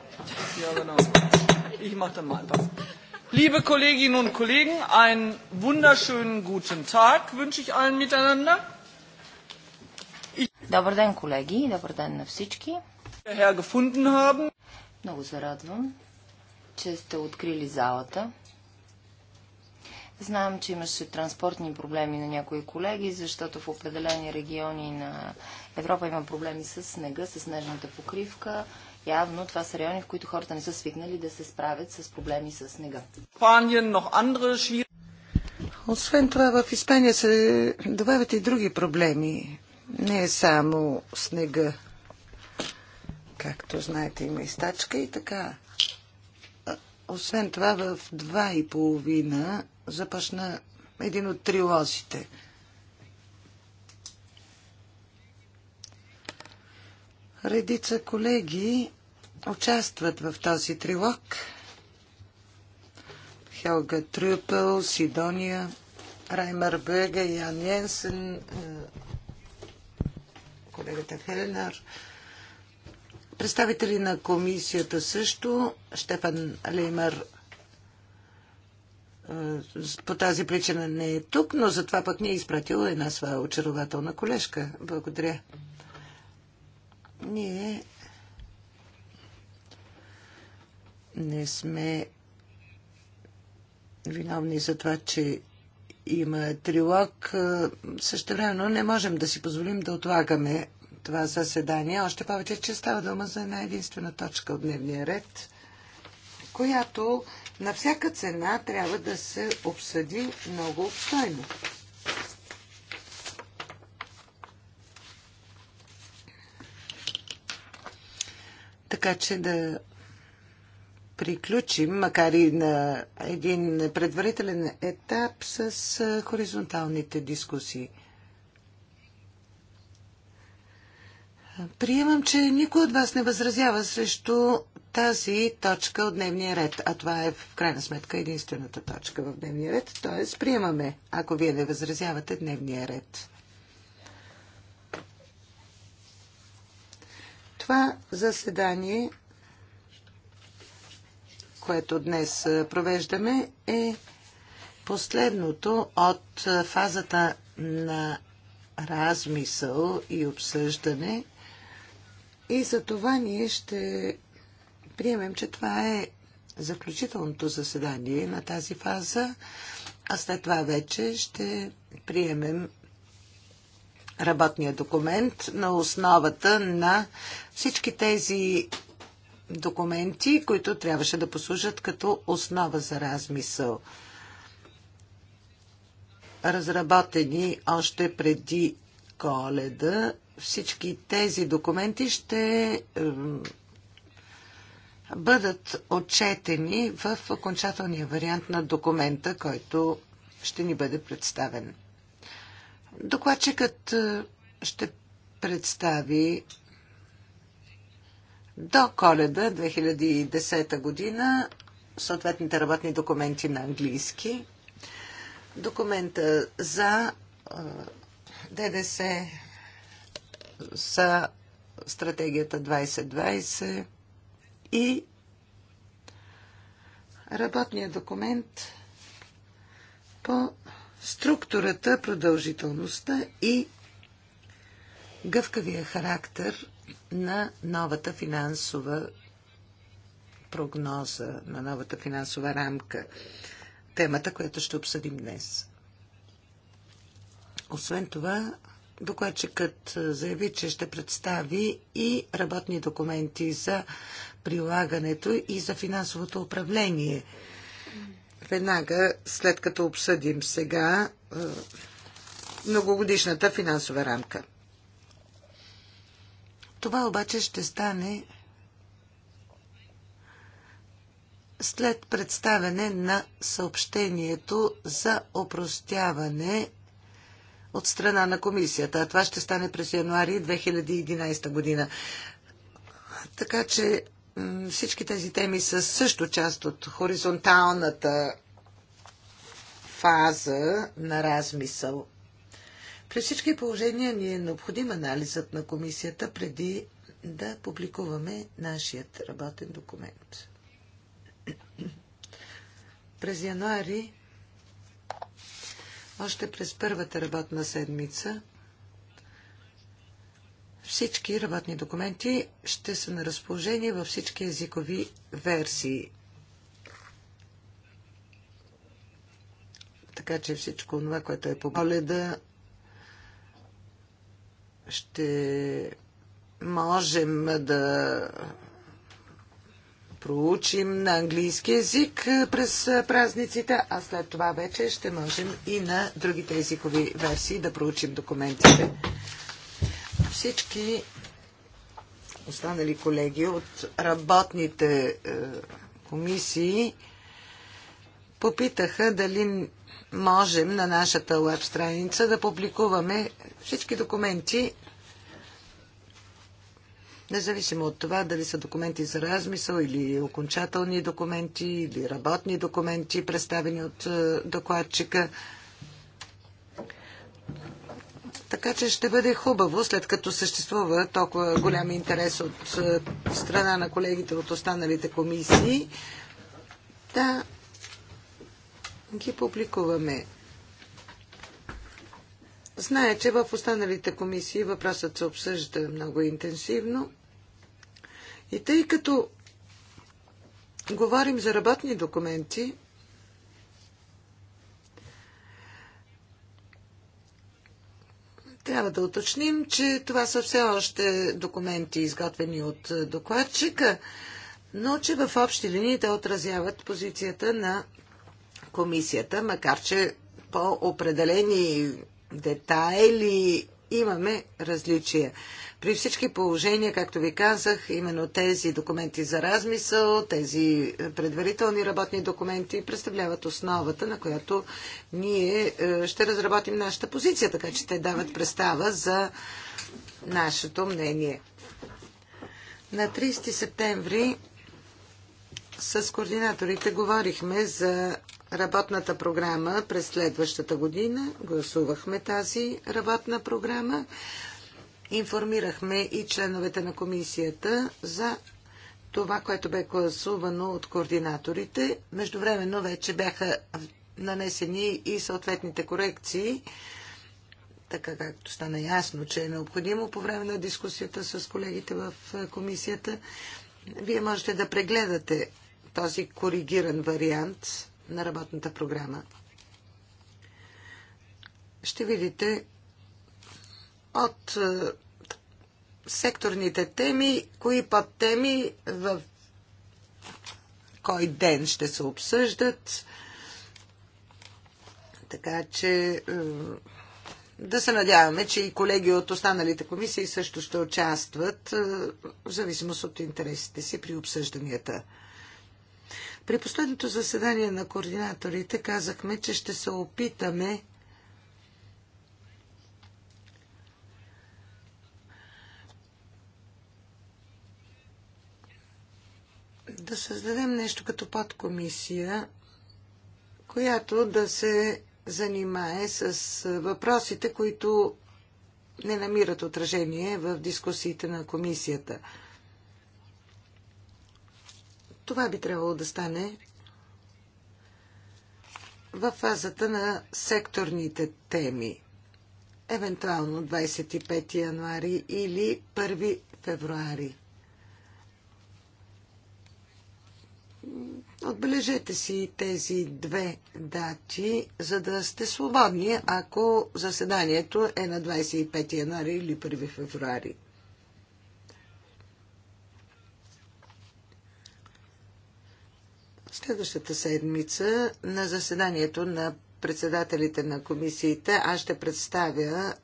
Ja, genau. Ich mache dann mal Liebe Kolleginnen und Kollegen, einen wunderschönen guten Tag wünsche ich allen miteinander. Добър ден, колеги! Добър ден на всички! Много се радвам, че сте открили залата. Знаем, че имаше транспортни проблеми на някои колеги, защото в определени региони на Европа има проблеми с снега, с снежната покривка. Явно това са райони, в които хората не са свикнали да се справят с проблеми с снега. Освен това, в Испания се добавят и други проблеми. Не е само снега. Както знаете, има и стачка и така. Освен това, в два и половина започна един от трилозите – Редица колеги участват в този трилог. Хелга Трюпел, Сидония, Раймер Бега, Ян Йенсен, е, колегата Хеленар, представители на комисията също, Штефан Леймер е, по тази причина не е тук, но затова пък ни е изпратила една своя очарователна колежка. Благодаря. Ние не сме виновни за това, че има трилог. Същевременно не можем да си позволим да отлагаме това заседание, още повече, че става дума за една единствена точка от дневния ред, която на всяка цена трябва да се обсъди много обстойно. така че да приключим, макар и на един предварителен етап, с хоризонталните дискусии. Приемам, че никой от вас не възразява срещу тази точка от дневния ред, а това е в крайна сметка единствената точка в дневния ред, т.е. приемаме, ако вие не възразявате дневния ред. Това заседание, което днес провеждаме, е последното от фазата на размисъл и обсъждане. И за това ние ще приемем, че това е заключителното заседание на тази фаза, а след това вече ще приемем работния документ на основата на всички тези документи, които трябваше да послужат като основа за размисъл. Разработени още преди коледа, всички тези документи ще бъдат отчетени в окончателния вариант на документа, който ще ни бъде представен. Докладчикът е, ще представи до коледа 2010 година съответните работни документи на английски. Документа за е, ДДС са стратегията 2020 и работния документ по структурата, продължителността и гъвкавия характер на новата финансова прогноза, на новата финансова рамка. Темата, която ще обсъдим днес. Освен това, докладчикът заяви, че ще представи и работни документи за прилагането и за финансовото управление веднага след като обсъдим сега е, многогодишната финансова рамка. Това обаче ще стане след представяне на съобщението за опростяване от страна на комисията. това ще стане през януари 2011 година. Така че всички тези теми са също част от хоризонталната фаза на размисъл. При всички положения ни е необходим анализът на комисията преди да публикуваме нашият работен документ. През януари, още през първата работна седмица, всички работни документи ще са на разположение във всички езикови версии. Така че всичко това, което е по поледа, ще можем да проучим на английски язик през празниците, а след това вече ще можем и на другите езикови версии да проучим документите всички останали колеги от работните е, комисии попитаха дали можем на нашата веб страница да публикуваме всички документи, независимо от това дали са документи за размисъл или окончателни документи или работни документи, представени от е, докладчика. Така че ще бъде хубаво, след като съществува толкова голям интерес от е, страна на колегите от останалите комисии, да ги публикуваме. Знае, че в останалите комисии въпросът се обсъжда много интенсивно. И тъй като говорим за работни документи, Трябва да уточним, че това са все още документи, изготвени от докладчика, но че в общи линии те отразяват позицията на комисията, макар че по определени детайли имаме различия. При всички положения, както ви казах, именно тези документи за размисъл, тези предварителни работни документи представляват основата, на която ние е, ще разработим нашата позиция, така че те дават представа за нашето мнение. На 30 септември с координаторите говорихме за работната програма през следващата година. Гласувахме тази работна програма. Информирахме и членовете на комисията за това, което бе класувано от координаторите. Междувременно вече бяха нанесени и съответните корекции, така както стана ясно, че е необходимо по време на дискусията с колегите в комисията. Вие можете да прегледате този коригиран вариант на работната програма. Ще видите от е, секторните теми, кои подтеми в кой ден ще се обсъждат. Така че е, да се надяваме, че и колеги от останалите комисии също ще участват е, в зависимост от интересите си при обсъжданията. При последното заседание на координаторите казахме, че ще се опитаме да създадем нещо като подкомисия, която да се занимае с въпросите, които не намират отражение в дискусиите на комисията. Това би трябвало да стане в фазата на секторните теми. Евентуално 25 януари или 1 февруари. Отбележете си тези две дати, за да сте свободни, ако заседанието е на 25 януари или 1 февруари. Следващата седмица на заседанието на председателите на комисиите аз ще представя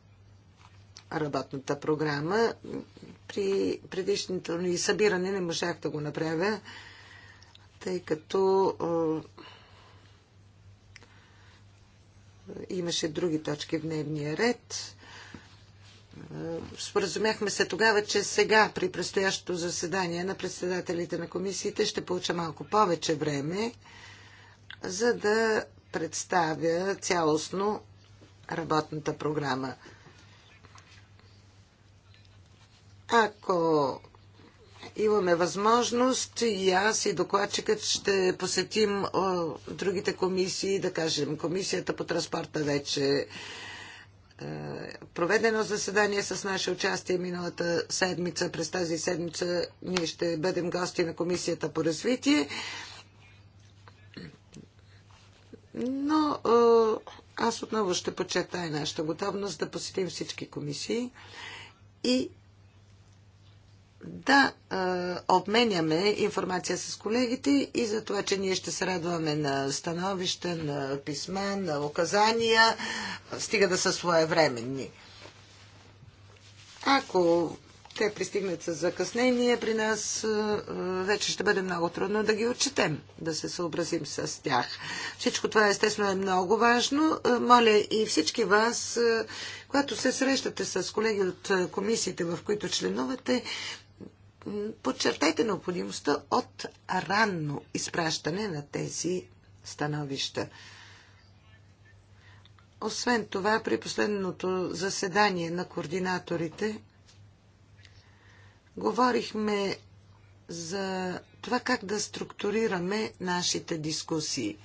работната програма. При предишното ни събиране не можах да го направя тъй като имаше други точки в дневния ред. Споразумяхме се тогава, че сега при предстоящото заседание на председателите на комисиите ще получа малко повече време, за да представя цялостно работната програма. Ако имаме възможност и аз и докладчикът ще посетим другите комисии, да кажем, комисията по транспорта вече проведено заседание с наше участие миналата седмица. През тази седмица ние ще бъдем гости на Комисията по развитие. Но аз отново ще подчертая нашата готовност да посетим всички комисии и да а, обменяме информация с колегите и за това, че ние ще се радваме на становища, на писма, на указания, стига да са своевременни. Ако те пристигнат с закъснение при нас, вече ще бъде много трудно да ги отчетем, да се съобразим с тях. Всичко това естествено е много важно. Моля и всички вас, когато се срещате с колеги от комисиите, в които членувате, подчертайте необходимостта от ранно изпращане на тези становища. Освен това, при последното заседание на координаторите говорихме за това как да структурираме нашите дискусии.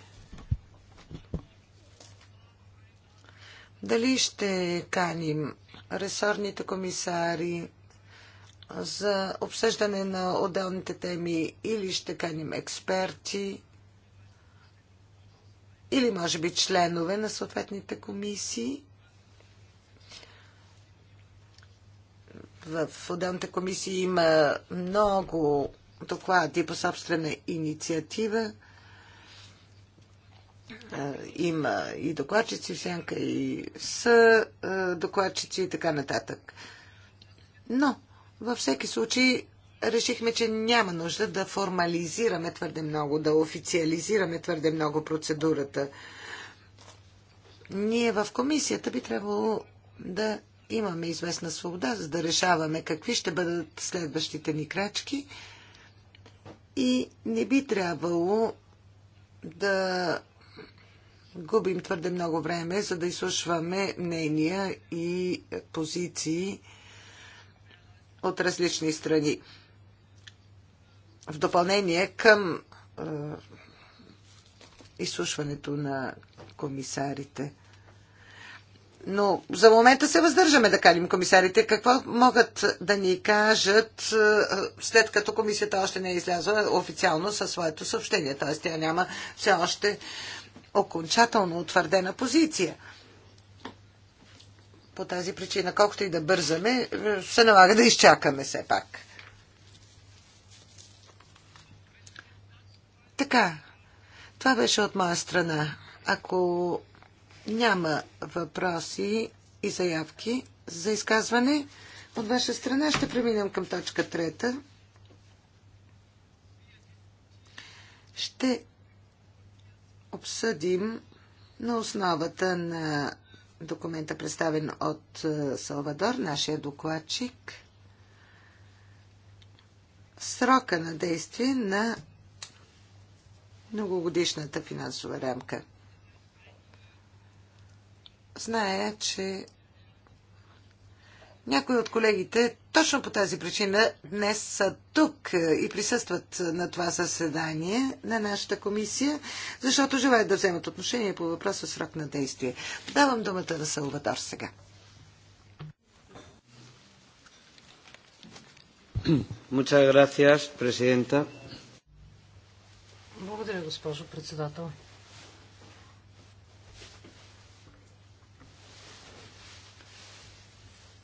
Дали ще каним ресорните комисари, за обсъждане на отделните теми или ще каним експерти, или може би членове на съответните комисии. В отделните комисии има много доклади по собствена инициатива. Е, има и докладчици, сянка и са е, докладчици и така нататък. Но във всеки случай решихме, че няма нужда да формализираме твърде много, да официализираме твърде много процедурата. Ние в комисията би трябвало да имаме известна свобода, за да решаваме какви ще бъдат следващите ни крачки и не би трябвало да губим твърде много време, за да изслушваме мнения и позиции от различни страни. В допълнение към е, изслушването на комисарите. Но за момента се въздържаме да каним комисарите. Какво могат да ни кажат е, след като комисията още не е излязла официално със своето съобщение? Т.е. тя няма все още окончателно утвърдена позиция по тази причина, колкото и да бързаме, се налага да изчакаме все пак. Така, това беше от моя страна. Ако няма въпроси и заявки за изказване, от ваша страна ще преминем към точка трета. Ще обсъдим на основата на документа, представен от е, Салвадор, нашия докладчик. Срока на действие на многогодишната финансова рамка. Зная, че някои от колегите точно по тази причина днес са тук е, и присъстват на това заседание на нашата комисия, защото желаят да вземат отношение по въпроса срок на действие. Давам думата на Салватор сега. Благодаря, госпожо председател.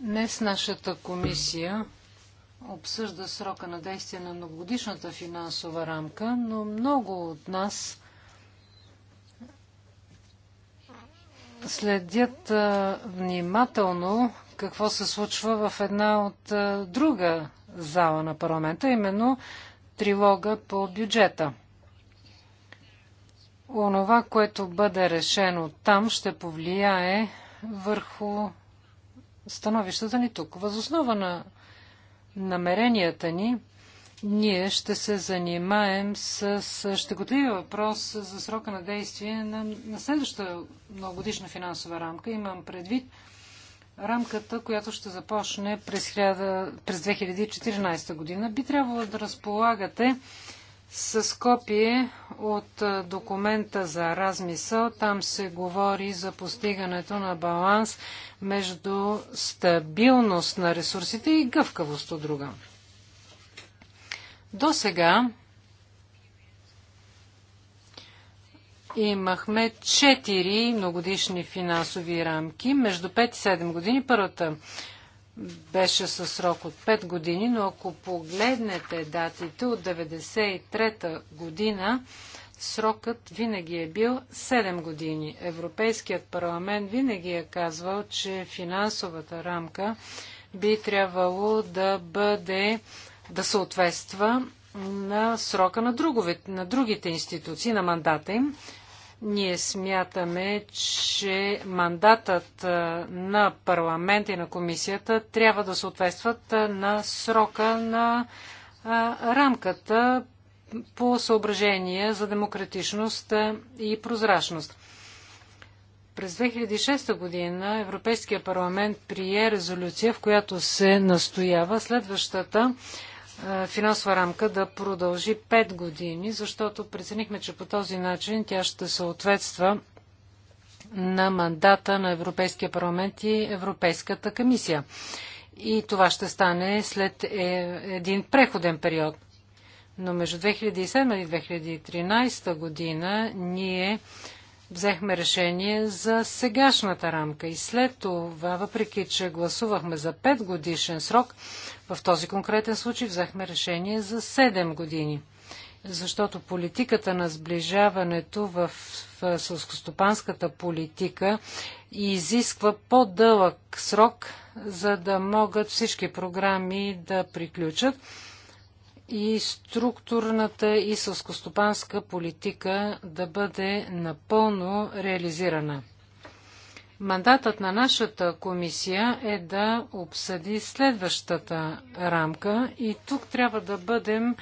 Днес нашата комисия обсъжда срока на действие на многогодишната финансова рамка, но много от нас следят внимателно какво се случва в една от друга зала на парламента, именно трилога по бюджета. Онова, което бъде решено там, ще повлияе върху становищата ни тук. Възоснова на намеренията ни, ние ще се занимаем с щекотлив въпрос за срока на действие на, на следващата многогодишна финансова рамка. Имам предвид рамката, която ще започне през, 1000, през 2014 година. Би трябвало да разполагате с копие от документа за размисъл. Там се говори за постигането на баланс между стабилност на ресурсите и гъвкавост от друга. До сега имахме 4 многодишни финансови рамки. Между 5 и 7 години първата беше със срок от 5 години, но ако погледнете датите от 93-та година, срокът винаги е бил 7 години. Европейският парламент винаги е казвал, че финансовата рамка би трябвало да бъде да съответства на срока на, другове, на другите институции, на мандата им. Ние смятаме, че мандатът на парламента и на комисията трябва да съответстват на срока на рамката по съображения за демократичност и прозрачност. През 2006 година Европейския парламент прие резолюция, в която се настоява следващата финансова рамка да продължи 5 години, защото преценихме, че по този начин тя ще съответства на мандата на Европейския парламент и Европейската комисия. И това ще стане след е, един преходен период. Но между 2007 и 2013 година ние взехме решение за сегашната рамка. И след това, въпреки че гласувахме за 5 годишен срок, в този конкретен случай взехме решение за 7 години, защото политиката на сближаването в, в сълскостопанската политика изисква по-дълъг срок, за да могат всички програми да приключат и структурната и сълскостопанска политика да бъде напълно реализирана. Мандатът на нашата комисия е да обсъди следващата рамка и тук трябва да бъдем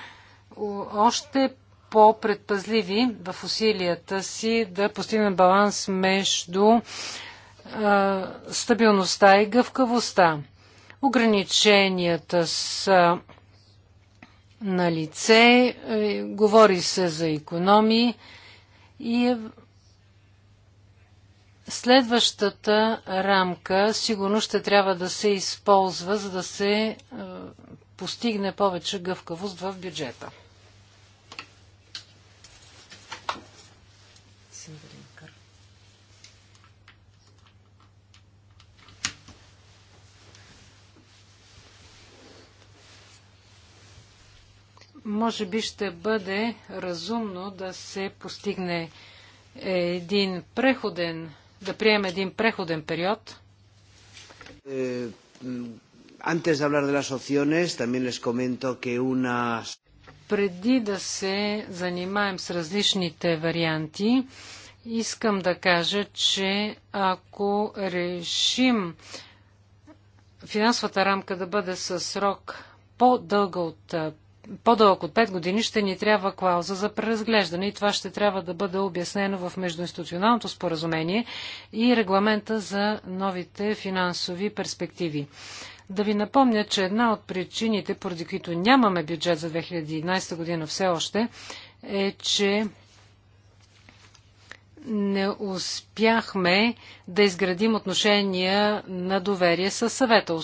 още по-предпазливи в усилията си да постигнем баланс между стабилността и гъвкавостта. Ограниченията са на лице, е, говори се за економии и е Следващата рамка сигурно ще трябва да се използва, за да се е, постигне повече гъвкавост в бюджета. Може би ще бъде разумно да се постигне един преходен да приемем един преходен период. Antes е, de hablar de las opciones, también les comento que una... Преди да се занимаем с различните варианти, искам да кажа, че ако решим финансовата рамка да бъде със срок по-дълга от по-дълъг от 5 години ще ни трябва клауза за преразглеждане и това ще трябва да бъде обяснено в междуинституционалното споразумение и регламента за новите финансови перспективи. Да ви напомня, че една от причините, поради които нямаме бюджет за 2011 година все още, е, че не успяхме да изградим отношения на доверие с съвета,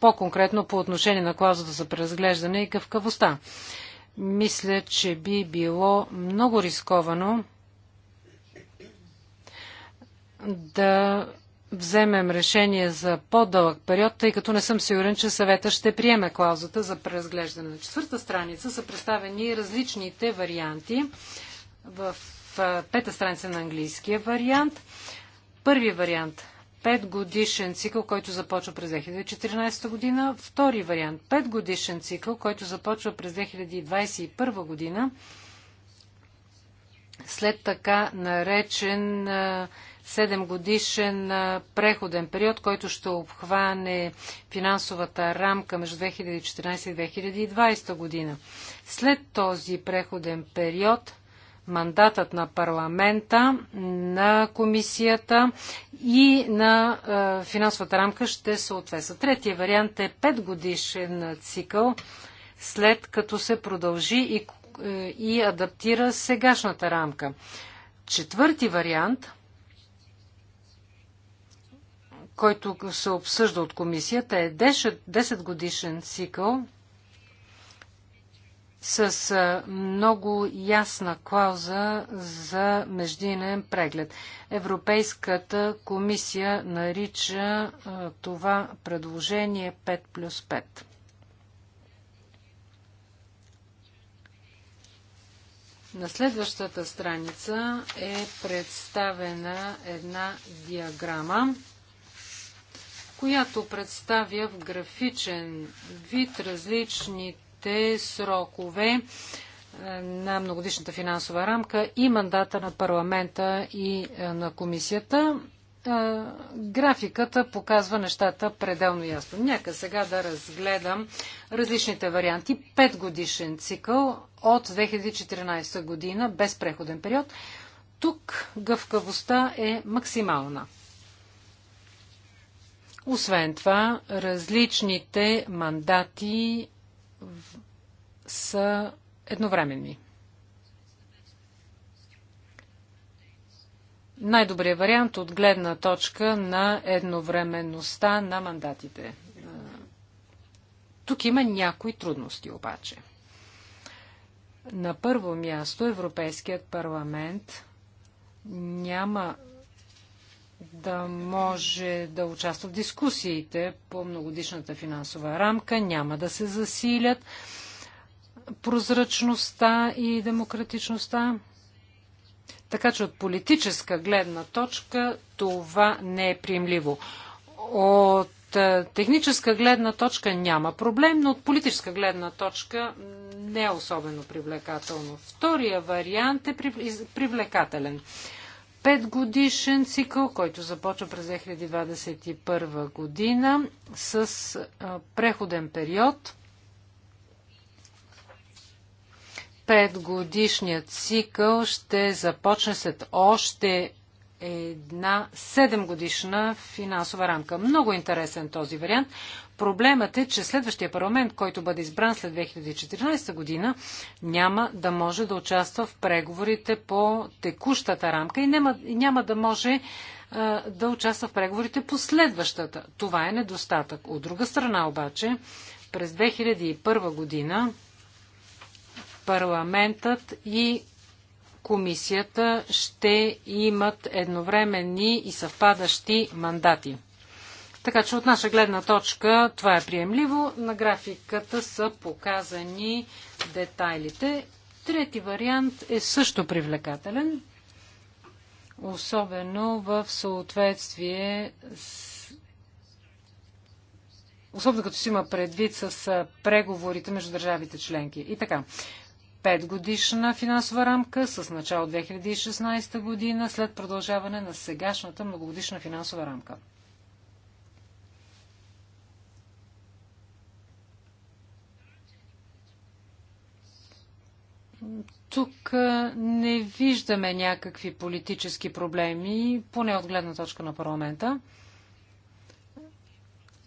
по-конкретно по отношение на клаузата за преразглеждане и къвкавостта. Мисля, че би било много рисковано да вземем решение за по-дълъг период, тъй като не съм сигурен, че съвета ще приеме клаузата за преразглеждане. На четвърта страница са представени различните варианти в пета страница на английския вариант. Първи вариант – 5 годишен цикъл, който започва през 2014 година. Втори вариант – 5 годишен цикъл, който започва през 2021 година след така наречен 7 годишен преходен период, който ще обхване финансовата рамка между 2014 и 2020 година. След този преходен период мандатът на парламента, на комисията и на е, финансовата рамка ще съответства. Третия вариант е 5 годишен цикъл, след като се продължи и, е, и адаптира сегашната рамка. Четвърти вариант, който се обсъжда от комисията, е 10 годишен цикъл, с много ясна клауза за междинен преглед. Европейската комисия нарича това предложение 5 плюс 5. На следващата страница е представена една диаграма, която представя в графичен вид различните крайните срокове е, на многодишната финансова рамка и мандата на парламента и е, на комисията. Е, Графиката показва нещата пределно ясно. Нека сега да разгледам различните варианти. Пет годишен цикъл от 2014 година, без преходен период. Тук гъвкавостта е максимална. Освен това, различните мандати са едновременни. Най-добрият вариант от гледна точка на едновременността на мандатите. Тук има някои трудности обаче. На първо място Европейският парламент няма да може да участва в дискусиите по многодишната финансова рамка, няма да се засилят прозрачността и демократичността. Така че от политическа гледна точка това не е приемливо. От е, техническа гледна точка няма проблем, но от политическа гледна точка не е особено привлекателно. Втория вариант е привлекателен петгодишен цикъл, който започва през 2021 година с преходен период. Петгодишният цикъл ще започне след още една 7 годишна финансова рамка. Много интересен този вариант. Проблемът е, че следващия парламент, който бъде избран след 2014 година, няма да може да участва в преговорите по текущата рамка и няма, няма да може а, да участва в преговорите по следващата. Това е недостатък. От друга страна обаче, през 2001 година парламентът и комисията ще имат едновременни и съвпадащи мандати. Така че от наша гледна точка това е приемливо. На графиката са показани детайлите. Трети вариант е също привлекателен, особено в съответствие с особено като си има предвид с преговорите между държавите членки. И така, петгодишна финансова рамка с начало 2016 година след продължаване на сегашната многогодишна финансова рамка. Тук не виждаме някакви политически проблеми, поне от гледна точка на парламента.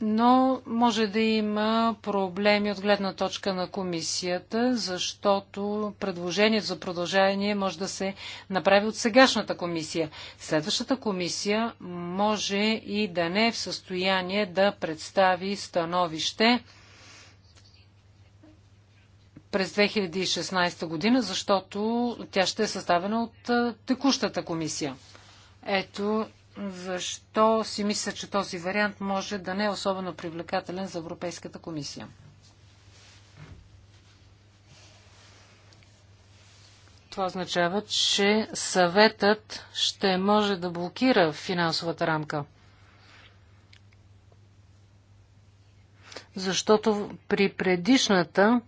Но може да има проблеми от гледна точка на комисията, защото предложението за продължение може да се направи от сегашната комисия. Следващата комисия може и да не е в състояние да представи становище през 2016 година, защото тя ще е съставена от текущата комисия. Ето защо си мисля, че този вариант може да не е особено привлекателен за Европейската комисия. Това означава, че съветът ще може да блокира финансовата рамка. Защото при предишната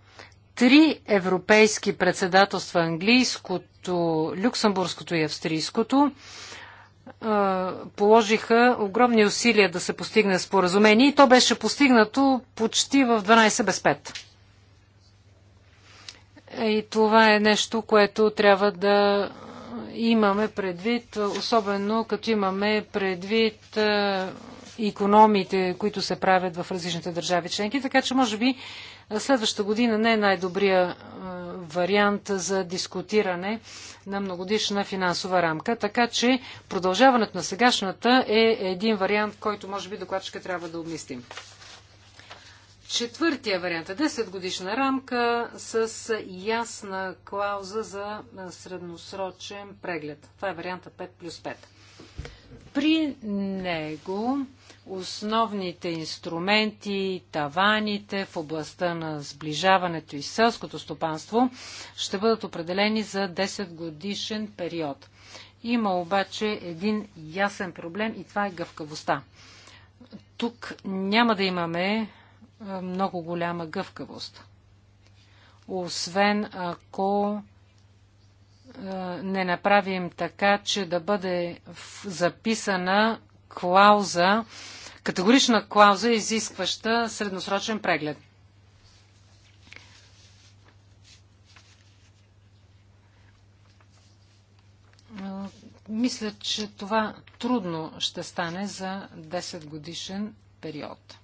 три европейски председателства английското, люксембургското и австрийското положиха огромни усилия да се постигне споразумение и то беше постигнато почти в 12 без 5. И това е нещо, което трябва да имаме предвид, особено като имаме предвид економите, които се правят в различните държави членки, така че може би следващата година не е най-добрия вариант за дискутиране на многодишна финансова рамка, така че продължаването на сегашната е един вариант, който може би докладчика трябва да обмислим. Четвъртия вариант е 10 годишна рамка с ясна клауза за средносрочен преглед. Това е варианта 5 плюс 5. При него основните инструменти, таваните в областта на сближаването и селското стопанство ще бъдат определени за 10 годишен период. Има обаче един ясен проблем и това е гъвкавостта. Тук няма да имаме е, много голяма гъвкавост. Освен ако е, не направим така, че да бъде записана клауза, категорична клауза, изискваща средносрочен преглед. Мисля, че това трудно ще стане за 10 годишен период.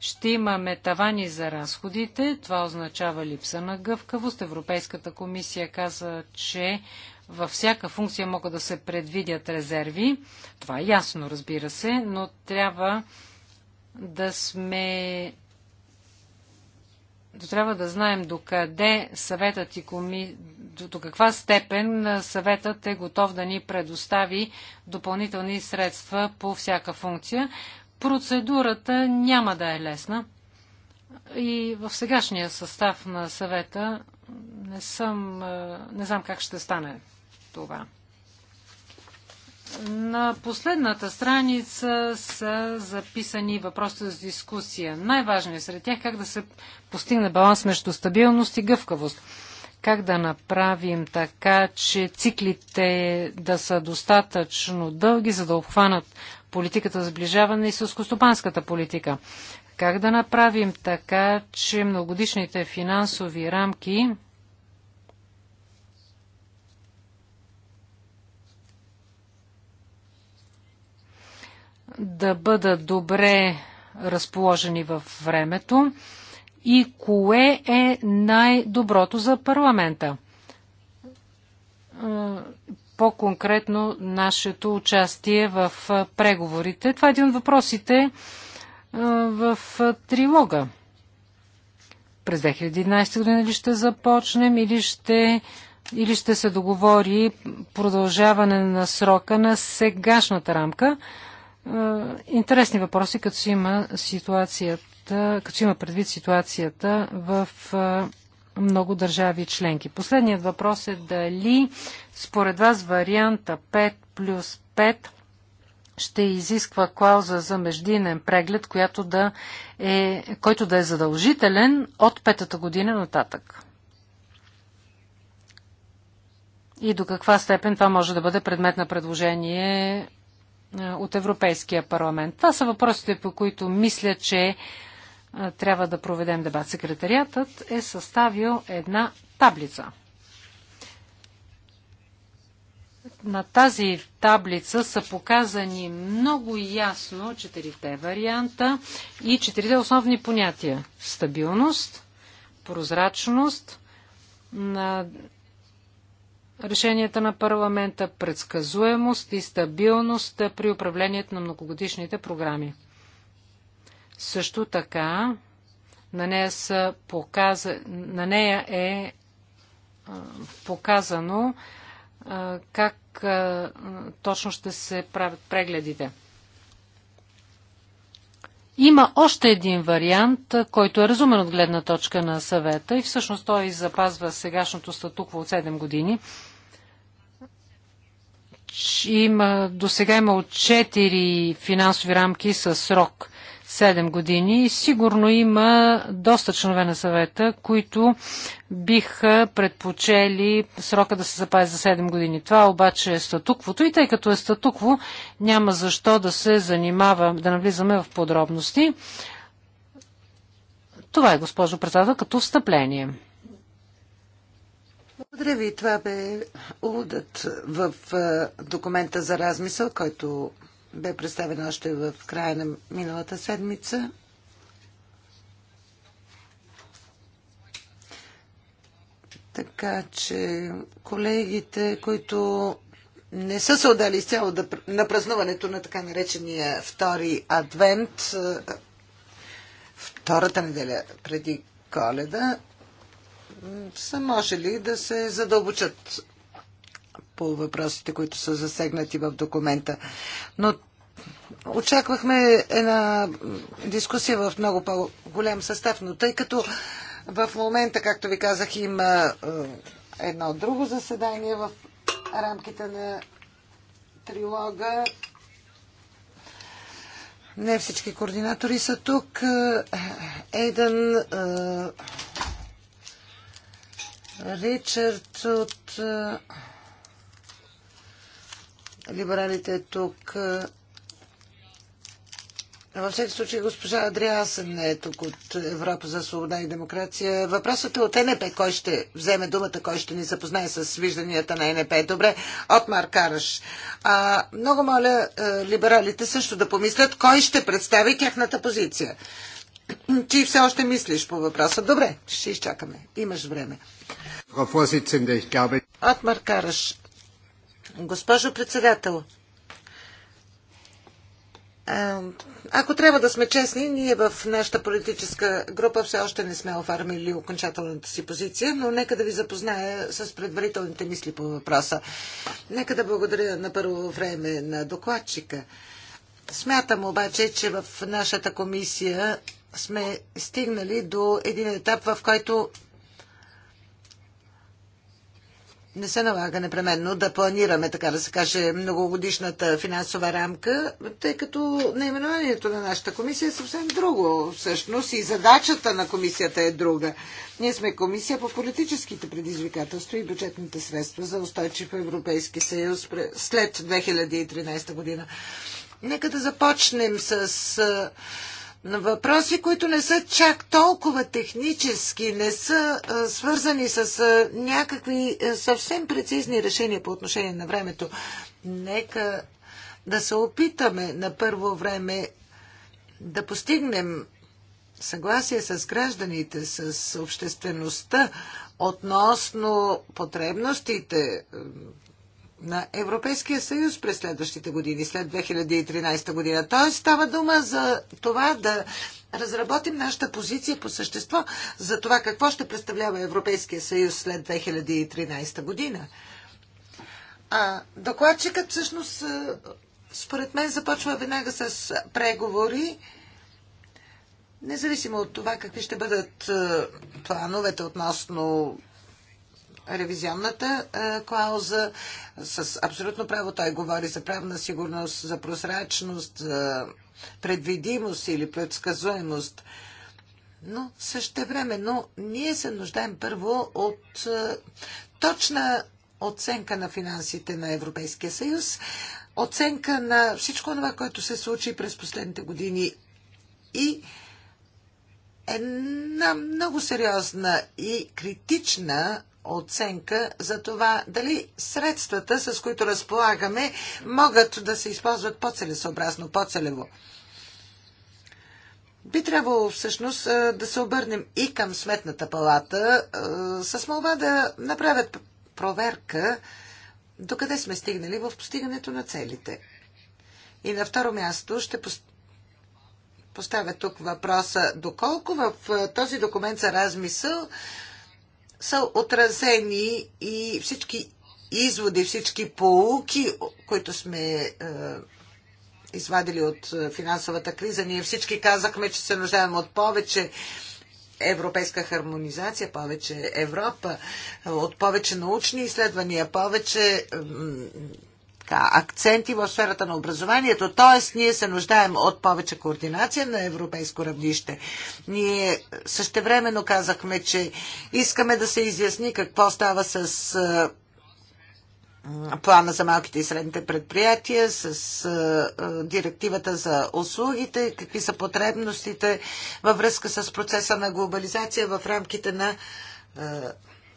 Ще имаме тавани за разходите. Това означава липса на гъвкавост. Европейската комисия каза, че във всяка функция могат да се предвидят резерви. Това е ясно, разбира се, но трябва да сме трябва да знаем до къде съветът и коми... до каква степен съветът е готов да ни предостави допълнителни средства по всяка функция. Процедурата няма да е лесна. И в сегашния състав на съвета не, съм, е, не знам как ще стане това. На последната страница са записани въпроса за дискусия. Най-важният сред тях е как да се постигне баланс между стабилност и гъвкавост. Как да направим така, че циклите да са достатъчно дълги, за да обхванат политиката за сближаване и сълскостопанската политика. Как да направим така, че многодишните финансови рамки да бъдат добре разположени в времето и кое е най-доброто за парламента. Е, по-конкретно нашето участие в е, преговорите. Това е един от въпросите е, в трилога. През 2011 година ли ще започнем или ще, или ще се договори продължаване на срока на сегашната рамка? Е, интересни въпроси, като си има ситуацията, като си има предвид ситуацията в е, много държави членки. Последният въпрос е дали според вас варианта 5 плюс 5 ще изисква клауза за междинен преглед, която да е, който да е задължителен от петата година нататък. И до каква степен това може да бъде предмет на предложение е, от Европейския парламент. Това са въпросите, по които мисля, че е, трябва да проведем дебат. Секретариатът е съставил една таблица. На тази таблица са показани много ясно четирите варианта и четирите основни понятия. Стабилност, прозрачност, решенията на парламента, предсказуемост и стабилност при управлението на многогодишните програми. Също така, на нея, са показа... на нея е показано как точно ще се правят прегледите. Има още един вариант, който е разумен от гледна точка на съвета и всъщност той запазва сегашното статукво от 7 години – има, до сега имало 4 финансови рамки с срок 7 години. Сигурно има доста членове на съвета, които биха предпочели срока да се запази за 7 години. Това обаче е статуквото и тъй като е статукво, няма защо да се занимава, да навлизаме в подробности. Това е, госпожо председател, като встъпление. Благодаря ви. Това бе уводът в документа за размисъл, който бе представен още в края на миналата седмица. Така че колегите, които не са се отдали изцяло да, на празнуването на така наречения втори адвент, втората неделя преди коледа, са можели да се задълбочат по въпросите, които са засегнати в документа. Но очаквахме една дискусия в много по-голям състав, но тъй като в момента, както ви казах, има е, едно друго заседание в рамките на трилога. Не всички координатори са тук. Ейден Ричард от е, либералите е тук. Във всеки случай госпожа Адриасен не е тук от Европа за свобода и демокрация. Въпросът е от НП. Кой ще вземе думата, кой ще ни запознае с вижданията на НП? Добре, от Маркараш. А, много моля е, либералите също да помислят кой ще представи тяхната позиция ти все още мислиш по въпроса. Добре, ще изчакаме. Имаш време. Атмар Караш. Госпожо председател, ако трябва да сме честни, ние в нашата политическа група все още не сме оформили окончателната си позиция, но нека да ви запозная с предварителните мисли по въпроса. Нека да благодаря на първо време на докладчика. Смятам обаче, че в нашата комисия сме стигнали до един етап, в който не се налага непременно да планираме, така да се каже, многогодишната финансова рамка, тъй като наименованието на нашата комисия е съвсем друго. Всъщност и задачата на комисията е друга. Ние сме комисия по политическите предизвикателства и бюджетните средства за устойчив Европейски съюз след 2013 година. Нека да започнем с въпроси, които не са чак толкова технически, не са а, свързани с а, някакви а, съвсем прецизни решения по отношение на времето. Нека да се опитаме на първо време да постигнем съгласие с гражданите, с обществеността относно потребностите, на Европейския съюз през следващите години, след 2013 година. Тоест става дума за това да разработим нашата позиция по същество за това какво ще представлява Европейския съюз след 2013 година. А докладчикът всъщност според мен започва веднага с преговори, независимо от това какви ще бъдат плановете относно ревизионната клауза. С абсолютно право той говори за правна сигурност, за прозрачност, за предвидимост или предсказуемост. Но също време, но ние се нуждаем първо от точна оценка на финансите на Европейския съюз, оценка на всичко това, което се случи през последните години и една много сериозна и критична оценка за това дали средствата, с които разполагаме, могат да се използват по-целесообразно, по-целево. Би трябвало всъщност да се обърнем и към Сметната палата с молба да направят проверка докъде сме стигнали в постигането на целите. И на второ място ще поставя тук въпроса доколко в този документ за размисъл са отразени и всички изводи, всички поуки, които сме е, извадили от е, финансовата криза. Ние всички казахме, че се нуждаем от повече европейска хармонизация, повече Европа, от повече научни изследвания, повече така, акценти в сферата на образованието. т.е. ние се нуждаем от повече координация на европейско равнище. Ние същевременно казахме, че искаме да се изясни какво става с плана за малките и средните предприятия, с а, директивата за услугите, какви са потребностите във връзка с процеса на глобализация в рамките на а,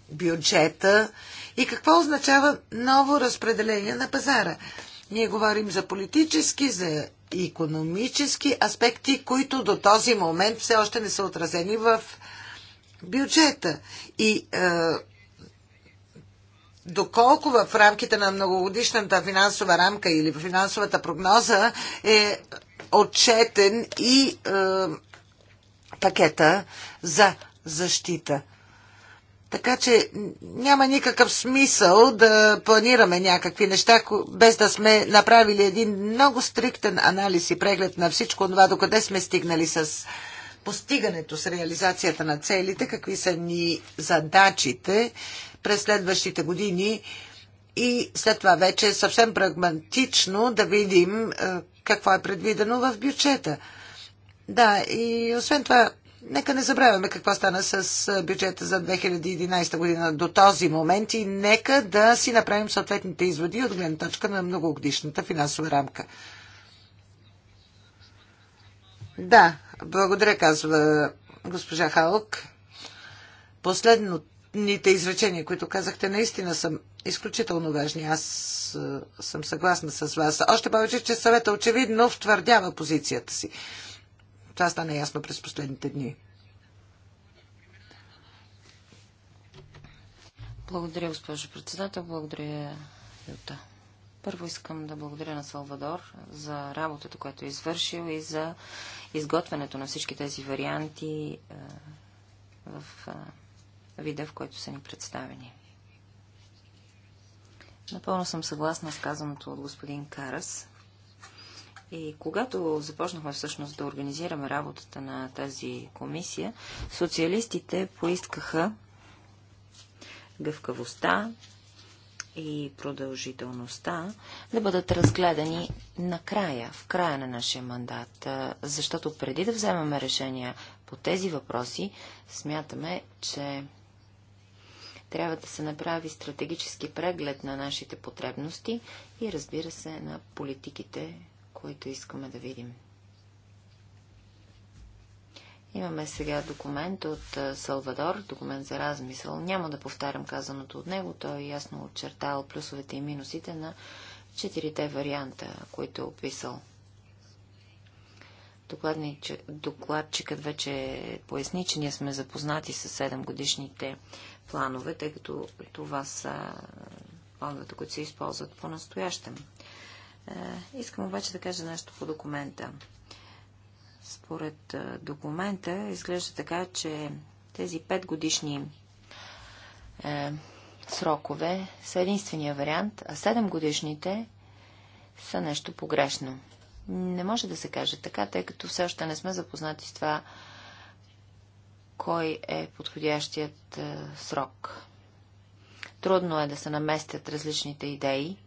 бюджета. А, и какво означава ново разпределение на пазара? Ние говорим за политически, за економически аспекти, които до този момент все още не са отразени в бюджета. И е, доколко в рамките на многогодишната финансова рамка или в финансовата прогноза е отчетен и е, пакета за защита така че няма никакъв смисъл да планираме някакви неща, без да сме направили един много стриктен анализ и преглед на всичко това, докъде сме стигнали с постигането, с реализацията на целите, какви са ни задачите през следващите години и след това вече е съвсем прагматично да видим е, какво е предвидено в бюджета. Да, и освен това Нека не забравяме какво стана с бюджета за 2011 година до този момент и нека да си направим съответните изводи от гледна точка на многогодишната финансова рамка. Да, благодаря, казва госпожа Халк. Последните изречения, които казахте, наистина са изключително важни. Аз съм съгласна с вас. Още повече, че съвета очевидно втвърдява позицията си това стана ясно през последните дни. Благодаря, госпожо председател. Благодаря, Юта. Първо искам да благодаря на Салвадор за работата, която е извършил и за изготвянето на всички тези варианти е, в е, вида, в който са ни представени. Напълно съм съгласна с казаното от господин Карас. И когато започнахме всъщност да организираме работата на тази комисия, социалистите поискаха гъвкавостта и продължителността да бъдат разгледани накрая, в края на нашия мандат, защото преди да вземаме решения по тези въпроси, смятаме, че трябва да се направи стратегически преглед на нашите потребности и, разбира се, на политиките, които искаме да видим. Имаме сега документ от Салвадор, документ за размисъл. Няма да повтарям казаното от него, той е ясно очертал плюсовете и минусите на четирите варианта, които е описал. Докладчикът вече поясни, че ние сме запознати с 7 годишните планове, тъй като това са плановете, които се използват по-настоящем. Е, искам обаче да кажа нещо по документа. Според е, документа изглежда така, че тези 5 годишни е, срокове са единствения вариант, а 7 годишните са нещо погрешно. Не може да се каже така, тъй като все още не сме запознати с това, кой е подходящият е, срок. Трудно е да се наместят различните идеи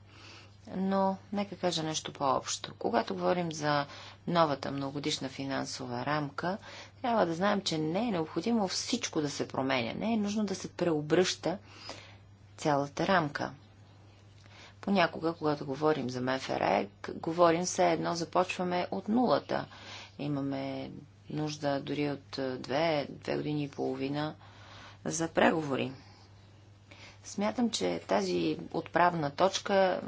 но нека кажа нещо по-общо. Когато говорим за новата многогодишна финансова рамка, трябва да знаем, че не е необходимо всичко да се променя. Не е нужно да се преобръща цялата рамка. Понякога, когато говорим за МФР, говорим все едно, започваме от нулата. Имаме нужда дори от е, две, две години и половина за преговори. Смятам, че тази отправна точка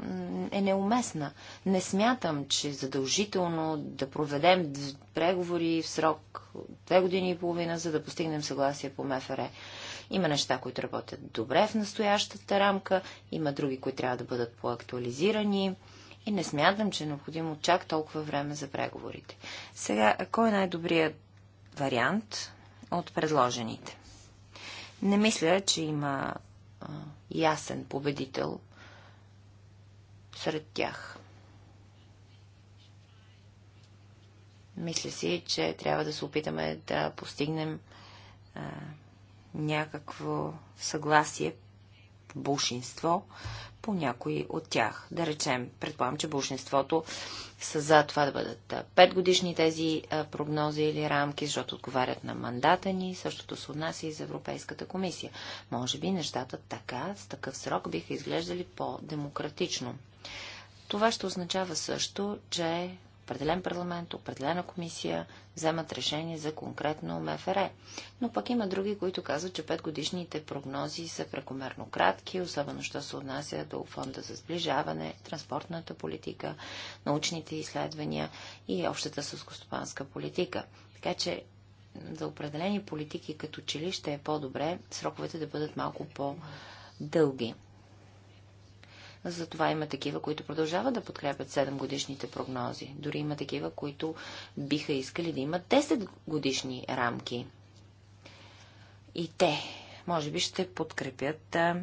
е неуместна. Не смятам, че е задължително да проведем преговори в срок две години и половина, за да постигнем съгласие по МФР. Има неща, които работят добре в настоящата рамка, има други, които трябва да бъдат по-актуализирани и не смятам, че е необходимо чак толкова време за преговорите. Сега, кой е най-добрият вариант от предложените? Не мисля, че има а, ясен победител сред тях. Мисля си, че трябва да се опитаме да постигнем а, някакво съгласие, бушинство по някои от тях. Да речем, предполагам, че большинството са за това да бъдат 5 годишни тези прогнози или рамки, защото отговарят на мандата ни. Същото се отнася и за Европейската комисия. Може би нещата така, с такъв срок, биха изглеждали по-демократично. Това ще означава също, че определен парламент, определена комисия вземат решение за конкретно МФР. Но пък има други, които казват, че петгодишните прогнози са прекомерно кратки, особено що се отнася до фонда за сближаване, транспортната политика, научните изследвания и общата сълскостопанска политика. Така че за определени политики като че ще е по-добре сроковете да бъдат малко по-дълги. Затова има такива, които продължават да подкрепят 7 годишните прогнози. Дори има такива, които биха искали да имат 10 годишни рамки. И те, може би, ще подкрепят а,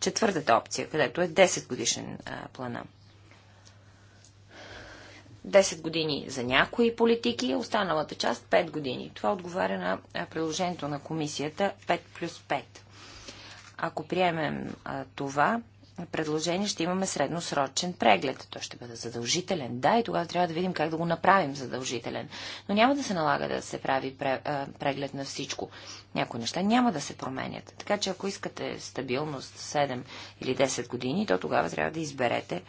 четвъртата опция, където е 10 годишен а, плана. 10 години за някои политики, останалата част 5 години. Това отговаря на приложението на комисията 5 плюс 5. Ако приемем а, това, предложение ще имаме средносрочен преглед. Той ще бъде задължителен, да, и тогава трябва да видим как да го направим задължителен. Но няма да се налага да се прави преглед на всичко. Някои неща няма да се променят. Така че ако искате стабилност 7 или 10 години, то тогава трябва да изберете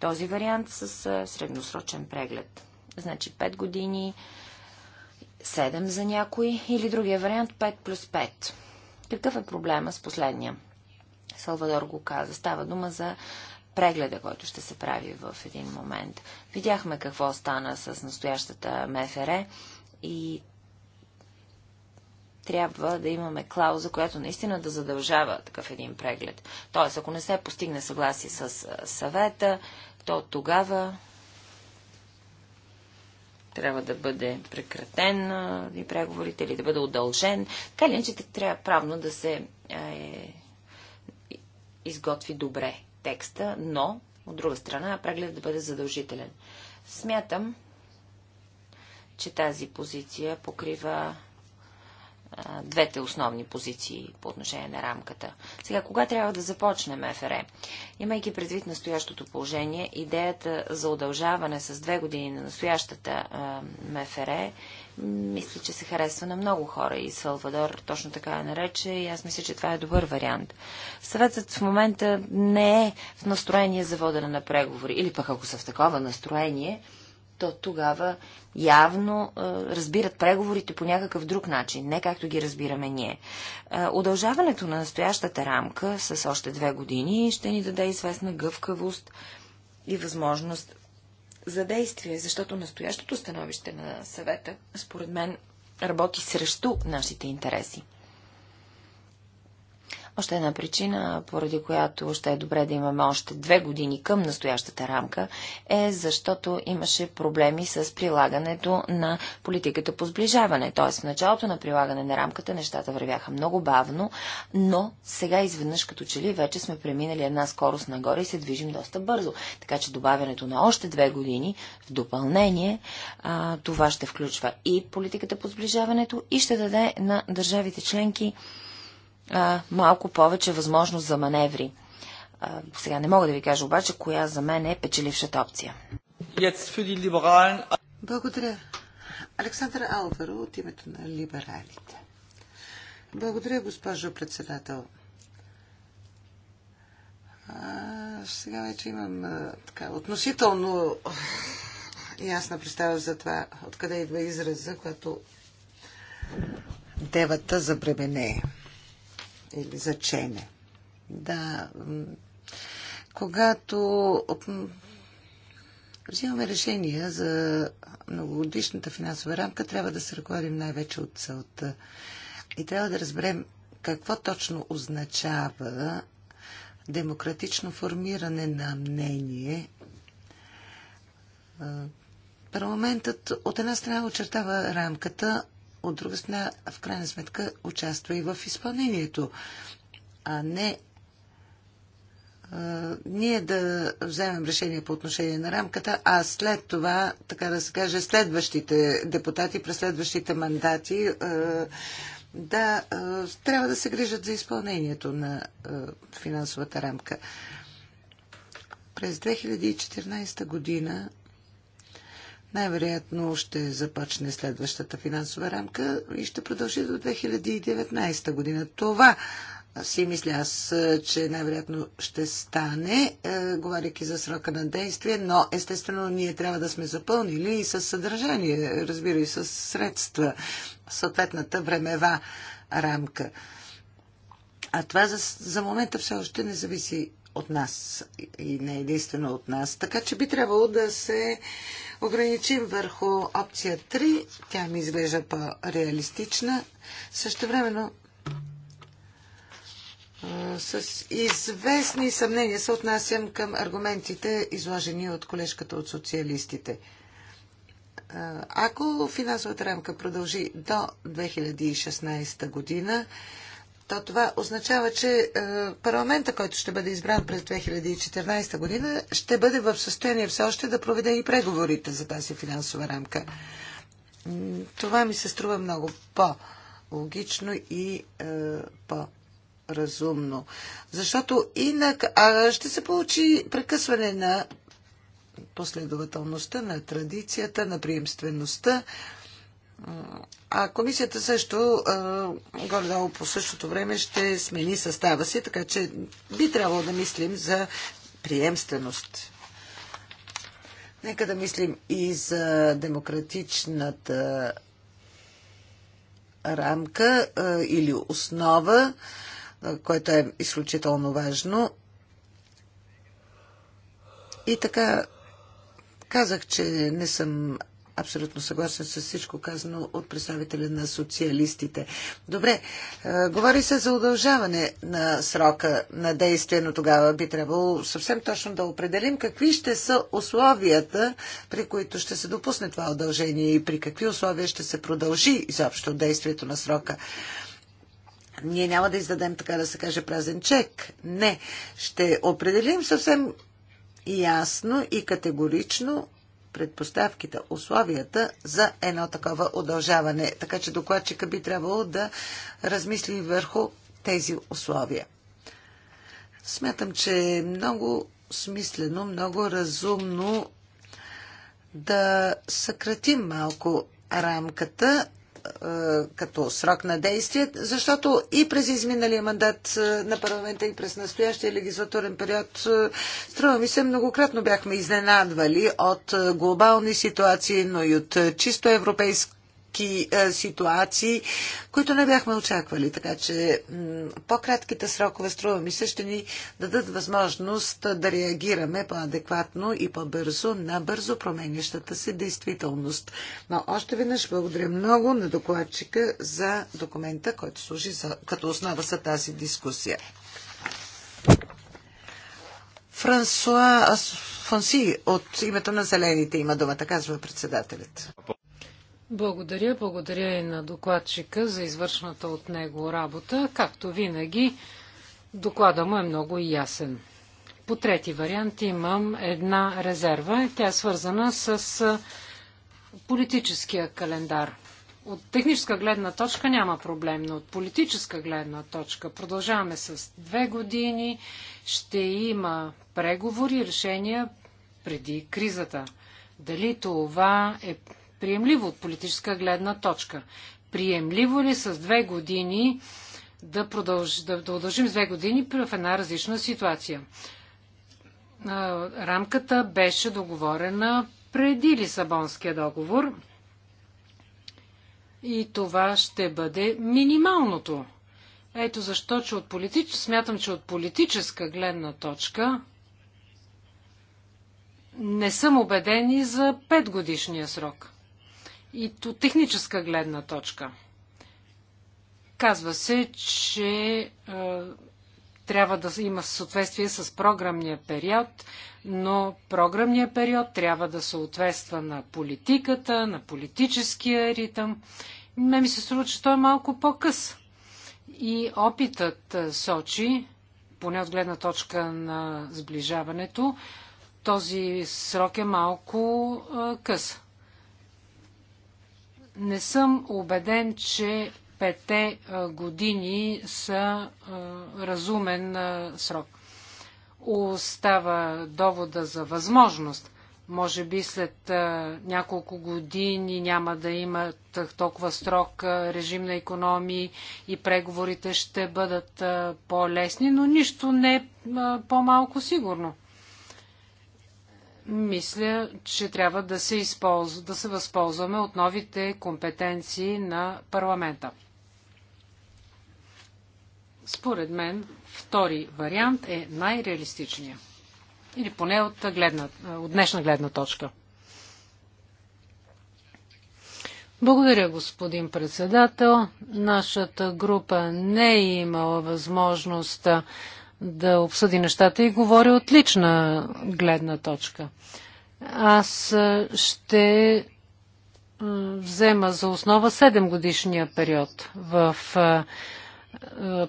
този вариант с средносрочен преглед. Значи 5 години, 7 за някой или другия вариант 5 плюс 5. Какъв е проблема с последния? Салвадор го каза. Става дума за прегледа, който ще се прави в един момент. Видяхме какво стана с настоящата МФР и трябва да имаме клауза, която наистина да задължава такъв един преглед. Тоест, ако не се постигне съгласие с съвета, то тогава трябва да бъде прекратен и преговорите или да бъде удължен. Така ли, че трябва правно да се е, изготви добре текста, но, от друга страна, прегледът да бъде задължителен. Смятам, че тази позиция покрива а, двете основни позиции по отношение на рамката. Сега, кога трябва да започнем ФРЕ? Имайки предвид настоящото положение, идеята за удължаване с две години на настоящата а, МФР мисля, че се харесва на много хора и Салвадор точно така я нарече и аз мисля, че това е добър вариант. Съветът в момента не е в настроение за водене на преговори или пък ако са в такова настроение, то тогава явно е, разбират преговорите по някакъв друг начин, не както ги разбираме ние. Е, удължаването на настоящата рамка с още две години ще ни даде известна гъвкавост и възможност за действие, защото настоящото становище на съвета, според мен, работи срещу нашите интереси. Още една причина, поради която ще е добре да имаме още две години към настоящата рамка, е защото имаше проблеми с прилагането на политиката по сближаване. Тоест в началото на прилагане на рамката нещата вървяха много бавно, но сега изведнъж като че ли вече сме преминали една скорост нагоре и се движим доста бързо. Така че добавянето на още две години в допълнение, а, това ще включва и политиката по сближаването и ще даде на държавите членки а, малко повече възможност за маневри. А, сега не мога да ви кажа обаче, коя за мен е печелившата опция. Благодаря. Александър Алваро от името на либералите. Благодаря, госпожо председател. А, сега вече имам а, така, относително ясна представа за това, откъде идва израза, когато девата забременее или за чене. Да, когато взимаме решения за многогодишната финансова рамка, трябва да се ръководим най-вече от целта. И трябва да разберем какво точно означава демократично формиране на мнение. Парламентът от една страна очертава рамката, от друга страна, в крайна сметка, участва и в изпълнението, а не ние да вземем решение по отношение на рамката, а след това, така да се каже, следващите депутати през следващите мандати да трябва да се грижат за изпълнението на финансовата рамка. През 2014 година най-вероятно ще започне следващата финансова рамка и ще продължи до 2019 година. Това си мисля аз, че най-вероятно ще стане, е, говоряки за срока на действие, но естествено ние трябва да сме запълнили и с съдържание, разбира и с средства, съответната времева рамка. А това за, за момента все още не зависи от нас и не е единствено от нас. Така че би трябвало да се ограничим върху опция 3. Тя ми изглежда по-реалистична. Също времено с известни съмнения се отнасям към аргументите, изложени от колежката от социалистите. Ако финансовата рамка продължи до 2016 година, то това означава, че е, парламента, който ще бъде избран през 2014 година, ще бъде в състояние все още да проведе и преговорите за тази финансова рамка. Това ми се струва много по-логично и е, по-разумно. Защото инак а ще се получи прекъсване на последователността, на традицията, на приемствеността. А комисията също горе-долу по същото време ще смени състава си, така че би трябвало да мислим за приемственост. Нека да мислим и за демократичната рамка или основа, което е изключително важно. И така, казах, че не съм абсолютно съгласен с всичко казано от представителя на социалистите. Добре, е, говори се за удължаване на срока на действие, но тогава би трябвало съвсем точно да определим какви ще са условията, при които ще се допусне това удължение и при какви условия ще се продължи изобщо действието на срока ние няма да издадем, така да се каже, празен чек. Не. Ще определим съвсем ясно и категорично предпоставките, условията за едно такова удължаване. Така че докладчика би трябвало да размисли върху тези условия. Смятам, че е много смислено, много разумно да съкратим малко рамката е, като срок на действие, защото и през изминалия мандат е, на парламента и през настоящия легислаторен период, е, струва ми се, многократно бяхме изненадвали от глобални ситуации, но и от чисто европейско тежки е, ситуации, които не бяхме очаквали. Така че по-кратките срокове, струва ми се, ще ни дадат възможност да реагираме по-адекватно и по-бързо на бързо променящата се действителност. Но още веднъж благодаря много на докладчика за документа, който служи за, като основа за тази дискусия. Франсуа Фонси от името на Зелените има думата, казва председателят. Благодаря. Благодаря и на докладчика за извършната от него работа. Както винаги, доклада му е много ясен. По трети вариант имам една резерва. Тя е свързана с политическия календар. От техническа гледна точка няма проблем, но от политическа гледна точка продължаваме с две години. Ще има преговори решения преди кризата. Дали това е приемливо от политическа гледна точка. Приемливо ли е с две години да, продълж, да, да удължим с две години в една различна ситуация? Рамката беше договорена преди Лисабонския договор и това ще бъде минималното. Ето защо, че от политич... смятам, че от политическа гледна точка не съм убедени за петгодишния годишния срок и то техническа гледна точка. Казва се, че е, трябва да има съответствие с програмния период, но програмния период трябва да съответства на политиката, на политическия ритъм. Ме ми се струва, че той е малко по-къс. И опитът сочи, поне от гледна точка на сближаването, този срок е малко къс. Не съм убеден, че пете години са разумен срок. Остава довода за възможност. Може би след няколко години няма да имат толкова строг режим на економии и преговорите ще бъдат по-лесни, но нищо не е по-малко сигурно мисля, че трябва да се, използва, да се възползваме от новите компетенции на парламента. Според мен, втори вариант е най реалистичния Или поне от, гледна, от днешна гледна точка. Благодаря, господин председател. Нашата група не е имала възможност да обсъди нещата и говори от лична гледна точка. Аз ще взема за основа 7 годишния период. В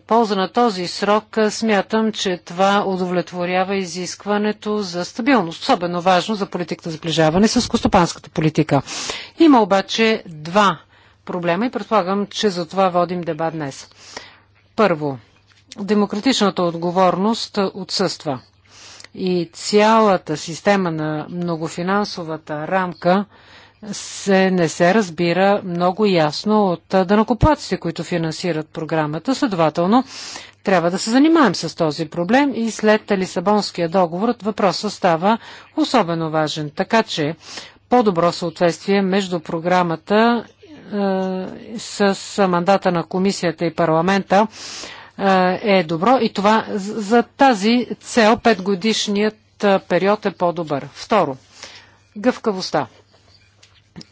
полза на този срок смятам, че това удовлетворява изискването за стабилност, особено важно за политиката за сближаване с костопанската политика. Има обаче два проблема и предполагам, че за това водим дебат днес. Първо, демократичната отговорност отсъства. И цялата система на многофинансовата рамка се, не се разбира много ясно от дънакоплаците, които финансират програмата. Следователно, трябва да се занимаем с този проблем и след Лисабонския договор въпросът става особено важен. Така че по-добро съответствие между програмата е, с мандата на комисията и парламента е добро и това за тази цел петгодишният период е по-добър. Второ, гъвкавостта.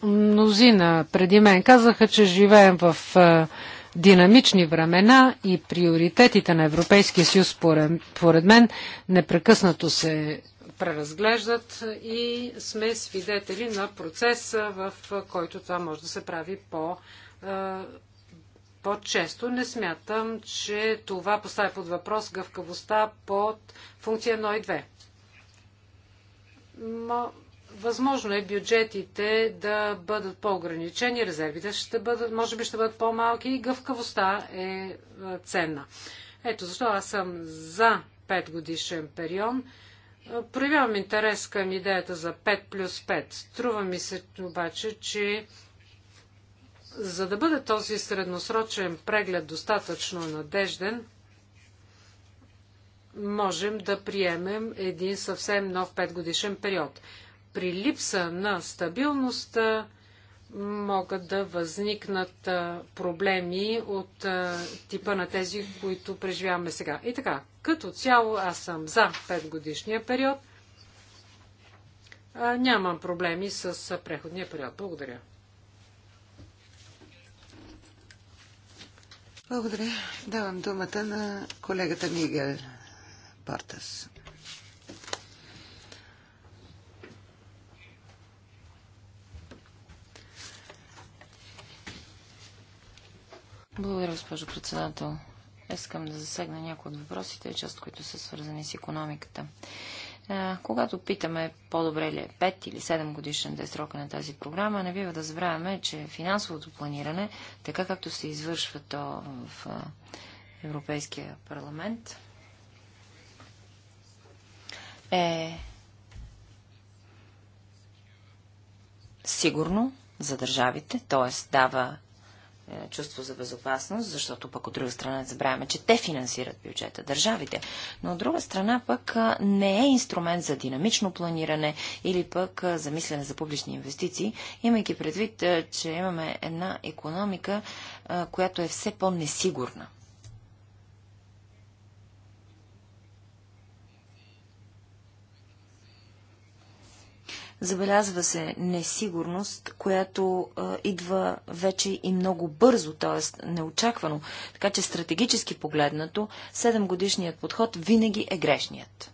Мнозина преди мен казаха, че живеем в динамични времена и приоритетите на Европейския съюз, според, мен, непрекъснато се преразглеждат и сме свидетели на процеса, в който това може да се прави по по-често. Не смятам, че това поставя под въпрос гъвкавостта под функция 1 и 2. Но, Възможно е бюджетите да бъдат по-ограничени, резервите ще бъдат, може би ще бъдат по-малки и гъвкавостта е, е ценна. Ето защо аз съм за 5 годишен период. Проявявам интерес към идеята за 5 плюс 5. Струва ми се обаче, че за да бъде този средносрочен преглед достатъчно надежден, можем да приемем един съвсем нов петгодишен период. При липса на стабилност могат да възникнат проблеми от типа на тези, които преживяваме сега. И така, като цяло аз съм за 5 годишния период. Нямам проблеми с преходния период. Благодаря. Благодаря. Давам думата на колегата Мигел Портас. Благодаря, госпожо председател. Искам да засегна някои от въпросите, част които са свързани с економиката когато питаме по-добре ли е 5 или 7 годишен да е срока на тази програма, не бива да забравяме, че финансовото планиране, така както се извършва то в Европейския парламент, е сигурно за държавите, т.е. дава е, чувство за безопасност, защото пък от друга страна забравяме, че те финансират бюджета, държавите. Но от друга страна пък не е инструмент за динамично планиране или пък за мислене за публични инвестиции, имайки предвид, че имаме една економика, която е все по-несигурна. Забелязва се несигурност, която а, идва вече и много бързо, т.е. неочаквано. Така че стратегически погледнато, 7 годишният подход винаги е грешният.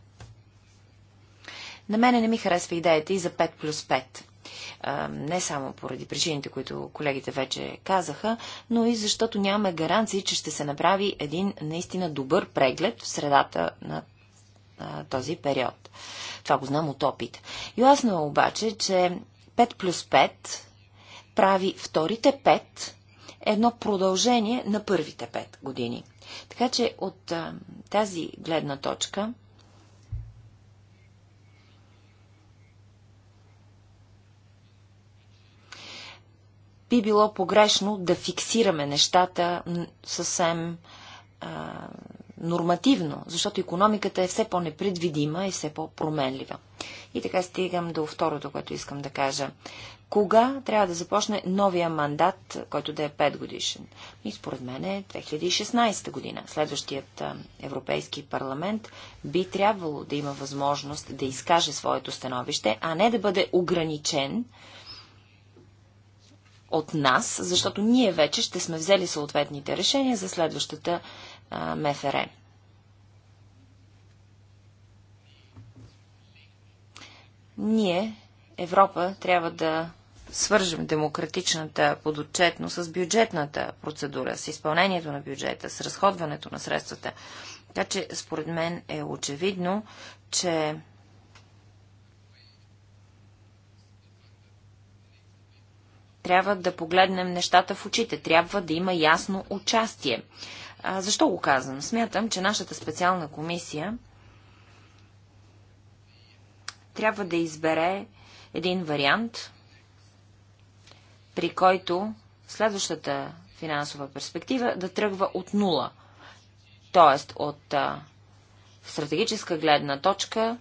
На мене не ми харесва идеята и за 5 плюс 5 не само поради причините, които колегите вече казаха, но и защото нямаме гаранции, че ще се направи един наистина добър преглед в средата на а, този период. Това го знам от опит. Ясно е обаче, че 5 плюс 5 прави вторите 5 едно продължение на първите 5 години. Така че от а, тази гледна точка би било погрешно да фиксираме нещата съвсем нормативно, защото економиката е все по-непредвидима и все по-променлива. И така стигам до второто, което искам да кажа. Кога трябва да започне новия мандат, който да е 5 годишен? И според мен е 2016 година. Следващият Европейски парламент би трябвало да има възможност да изкаже своето становище, а не да бъде ограничен от нас, защото ние вече ще сме взели съответните решения за следващата МФР. Ние, Европа, трябва да свържем демократичната подотчетност с бюджетната процедура, с изпълнението на бюджета, с разходването на средствата. Така че, според мен е очевидно, че трябва да погледнем нещата в очите. Трябва да има ясно участие. А, защо го казвам? Смятам, че нашата специална комисия трябва да избере един вариант, при който следващата финансова перспектива да тръгва от нула. Тоест от а, стратегическа гледна точка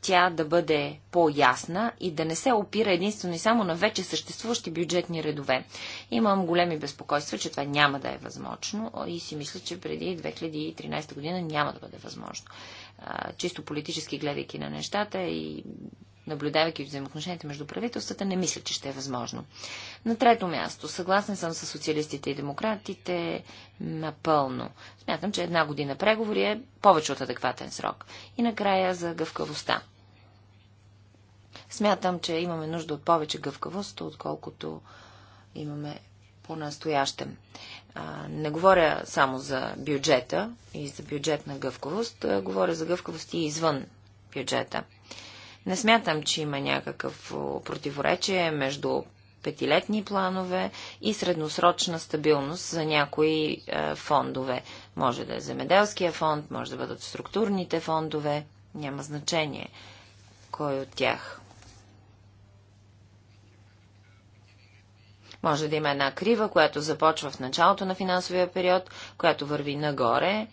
тя да бъде по-ясна и да не се опира единствено и само на вече съществуващи бюджетни редове. Имам големи безпокойства, че това няма да е възможно и си мисля, че преди 2013 година няма да бъде възможно. чисто политически гледайки на нещата и наблюдавайки взаимоотношенията между правителствата, не мисля, че ще е възможно. На трето място, съгласен съм с социалистите и демократите напълно. Смятам, че една година преговори е повече от адекватен срок. И накрая за гъвкавостта. Смятам, че имаме нужда от повече гъвкавост, отколкото имаме по-настоящем. не говоря само за бюджета и за бюджетна гъвкавост, говоря за гъвкавост и извън бюджета. Не смятам, че има някакъв противоречие между петилетни планове и средносрочна стабилност за някои е, фондове. Може да е земеделския фонд, може да бъдат структурните фондове, няма значение кой от тях. Може да има една крива, която започва в началото на финансовия период, която върви нагоре е,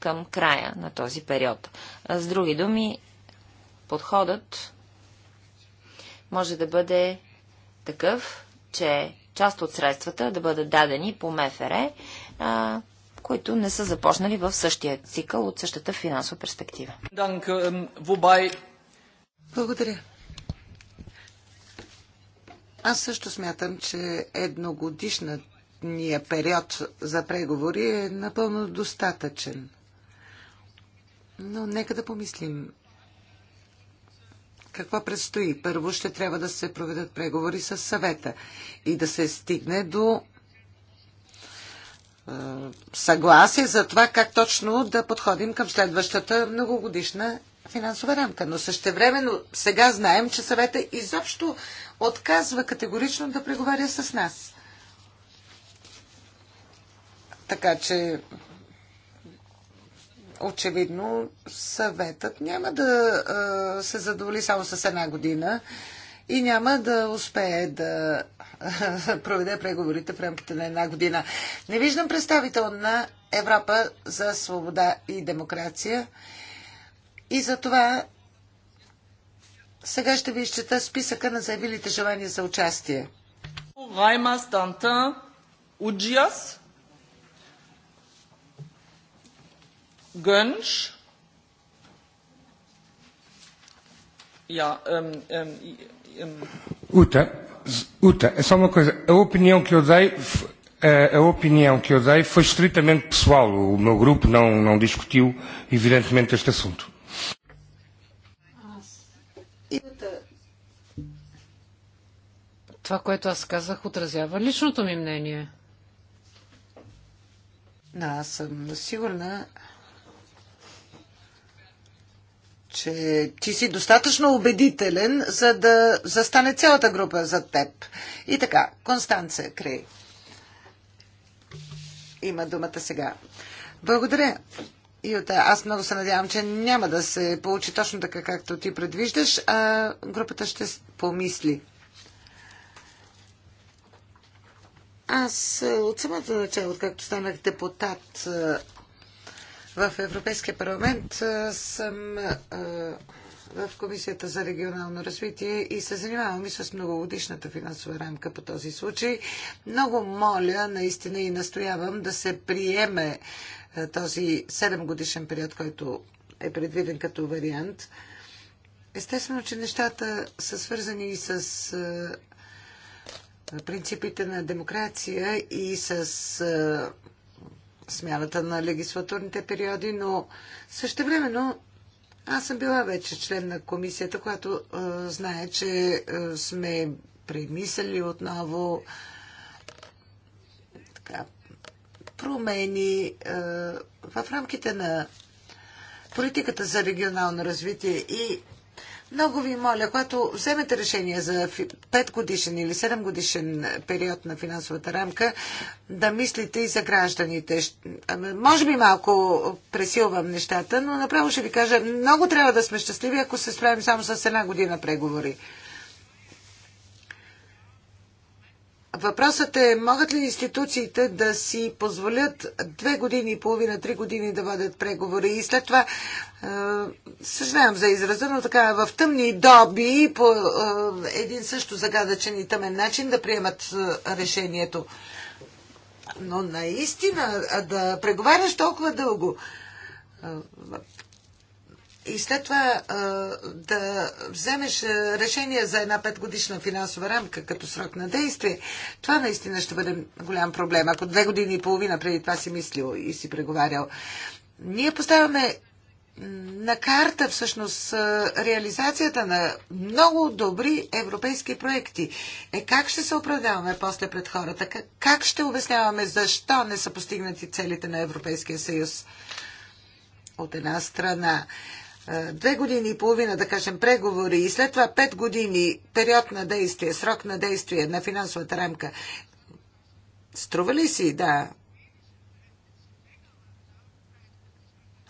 към края на този период. С други думи, Подходът може да бъде такъв, че част от средствата да бъдат дадени по МФР, а, които не са започнали в същия цикъл от същата финансова перспектива. Благодаря. Аз също смятам, че едногодишният период за преговори е напълно достатъчен. Но нека да помислим какво предстои? Първо ще трябва да се проведат преговори с съвета и да се стигне до е, съгласие за това как точно да подходим към следващата многогодишна финансова рамка. Но същевременно сега знаем, че съвета изобщо отказва категорично да преговаря с нас. Така че очевидно съветът няма да а, се задоволи само с една година и няма да успее да а, проведе преговорите в рамките на една година. Не виждам представител на Европа за свобода и демокрация и за това сега ще ви изчета списъка на заявилите желания за участие. Раймас Дантан, Уджиас, Gönsch. Ja, um, um, um. Uta, Uta, é só uma coisa. A opinião que eu dei, a, a opinião que eu dei foi estritamente pessoal. O meu grupo não, não discutiu, evidentemente, este assunto. Това, което аз казах, отразява личното ми мнение. Да, аз съм сигурна, че ти си достатъчно убедителен, за да застане цялата група за теб. И така, Констанция Крей има думата сега. Благодаря. Юта, аз много се надявам, че няма да се получи точно така, както ти предвиждаш, а групата ще помисли. Аз от самото начало, откакто станах депутат в Европейския парламент съм в Комисията за регионално развитие и се занимавам и с многогодишната финансова рамка по този случай. Много моля, наистина и настоявам да се приеме този 7 годишен период, който е предвиден като вариант. Естествено, че нещата са свързани и с принципите на демокрация и с смяната на легислатурните периоди, но същевременно аз съм била вече член на комисията, която е, знае, че е, сме премислили отново така, промени е, в рамките на политиката за регионално развитие и много ви моля, когато вземете решение за 5 годишен или 7 годишен период на финансовата рамка, да мислите и за гражданите. Може би малко пресилвам нещата, но направо ще ви кажа, много трябва да сме щастливи, ако се справим само с една година преговори. Въпросът е, могат ли институциите да си позволят две години и половина, три години да водят преговори и след това, е, съжалявам за израза, но така в тъмни доби по е, един също загадъчен и тъмен начин да приемат е, решението. Но наистина да преговаряш толкова дълго, е, и след това да вземеш решение за една петгодишна финансова рамка като срок на действие, това наистина ще бъде голям проблем. Ако две години и половина преди това си мислил и си преговарял, ние поставяме на карта всъщност реализацията на много добри европейски проекти. Е как ще се оправдаваме после пред хората? Как ще обясняваме защо не са постигнати целите на Европейския съюз? От една страна две години и половина, да кажем, преговори и след това пет години период на действие, срок на действие на финансовата рамка, струва ли си, да,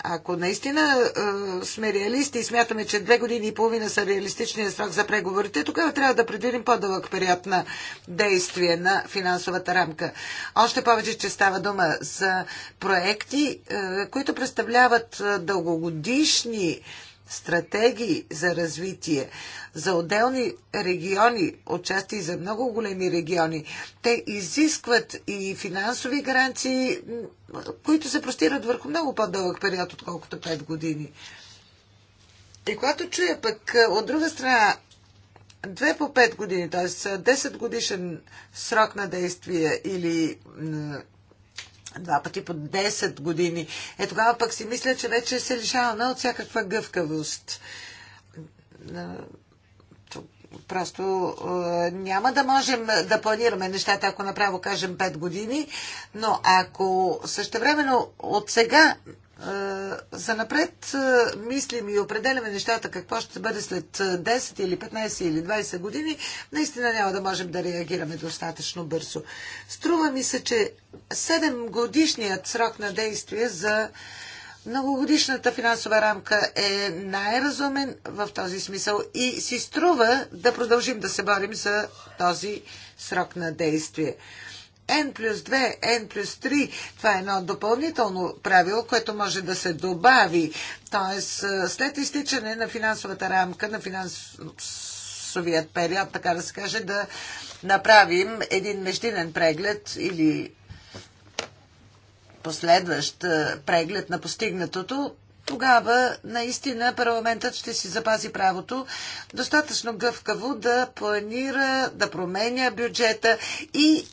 ако наистина а, сме реалисти и смятаме, че две години и половина са реалистичният срок за преговорите, тогава трябва да предвидим по-дълъг период на действие на финансовата рамка. Още повече, че става дума за проекти, а, които представляват дългогодишни а, стратегии за развитие за отделни региони, отчасти и за много големи региони, те изискват и финансови гаранции, които се простират върху много по-дълъг период, отколкото 5 години. И когато чуя пък е, от друга страна 2 по 5 години, т.е. 10 годишен срок на действие или два пъти по 10 години. Е тогава пък си мисля, че вече се лишаваме от всякаква гъвкавост. Просто е, няма да можем да планираме нещата, ако направо кажем 5 години, но ако същевременно от сега е, за напред е, мислим и определяме нещата какво ще бъде след 10 е, или 15 или 20 години, наистина няма да можем да реагираме достатъчно бързо. Струва ми се, че 7 годишният срок на действие за многогодишната финансова рамка е най-разумен в този смисъл и си струва да продължим да се борим за този срок на действие. N плюс 2, N плюс 3. Това е едно допълнително правило, което може да се добави. Тоест, след изтичане на финансовата рамка, на финансовият период, така да се каже, да направим един междинен преглед или последващ преглед на постигнатото тогава наистина парламентът ще си запази правото достатъчно гъвкаво да планира, да променя бюджета и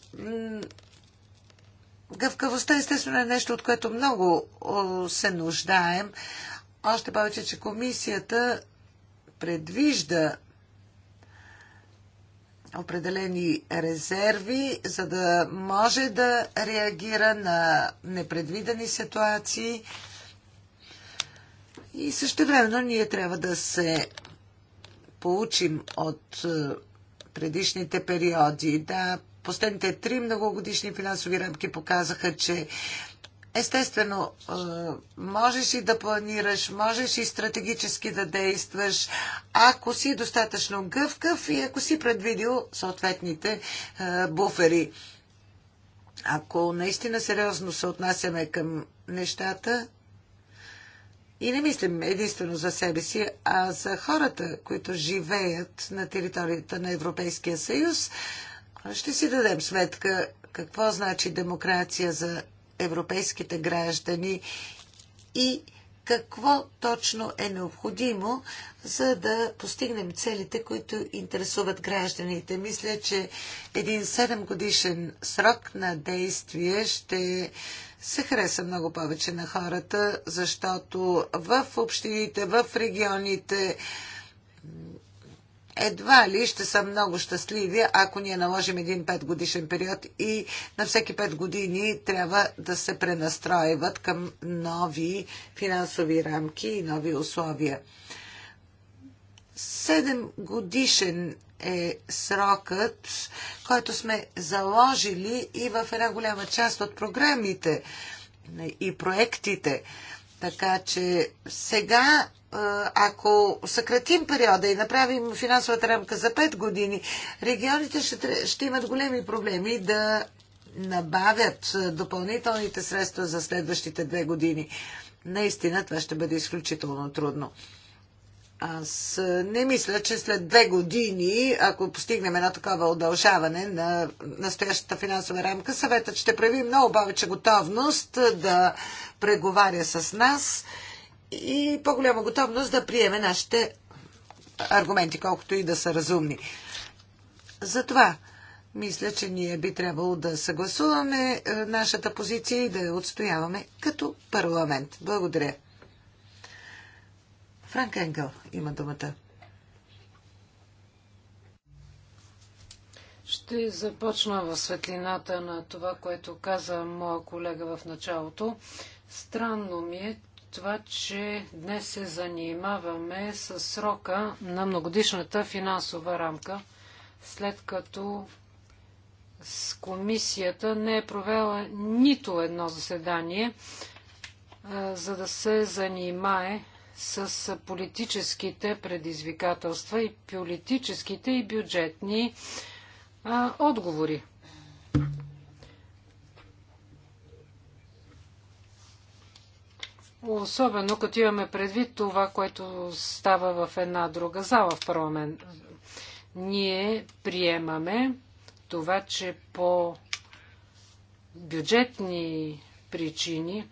гъвкавостта естествено е нещо, от което много се нуждаем. Още повече, че комисията предвижда определени резерви, за да може да реагира на непредвидени ситуации. И също времено ние трябва да се получим от е, предишните периоди. Да, последните три многогодишни финансови рамки показаха, че Естествено, е, можеш и да планираш, можеш и стратегически да действаш, ако си достатъчно гъвкав и ако си предвидил съответните е, буфери. Ако наистина сериозно се отнасяме към нещата, и не мислим единствено за себе си, а за хората, които живеят на територията на Европейския съюз. Ще си дадем сметка какво значи демокрация за европейските граждани и какво точно е необходимо, за да постигнем целите, които интересуват гражданите. Мисля, че един 7 годишен срок на действие ще се хареса много повече на хората, защото в общините, в регионите едва ли ще са много щастливи, ако ние наложим един 5 годишен период и на всеки 5 години трябва да се пренастроиват към нови финансови рамки и нови условия. Седем годишен е срокът, който сме заложили и в една голяма част от програмите и проектите. Така че сега, ако съкратим периода и направим финансовата рамка за 5 години, регионите ще, ще имат големи проблеми да набавят допълнителните средства за следващите две години. Наистина това ще бъде изключително трудно. Аз е, не мисля, че след две години, ако постигнем едно такова удължаване на настоящата финансова рамка, съветът ще прави много повече готовност е, да преговаря с нас и по-голяма готовност да приеме нашите аргументи, колкото и да са разумни. Затова мисля, че ние би трябвало да съгласуваме е, нашата позиция и да я отстояваме като парламент. Благодаря. Франк Енгел, има думата. Ще започна в светлината на това, което каза моя колега в началото. Странно ми е това, че днес се занимаваме с срока на многодишната финансова рамка, след като с комисията не е провела нито едно заседание, за да се занимае с политическите предизвикателства и политическите и бюджетни а, отговори. Особено като имаме предвид това, което става в една друга зала в парламент. Ние приемаме това, че по бюджетни причини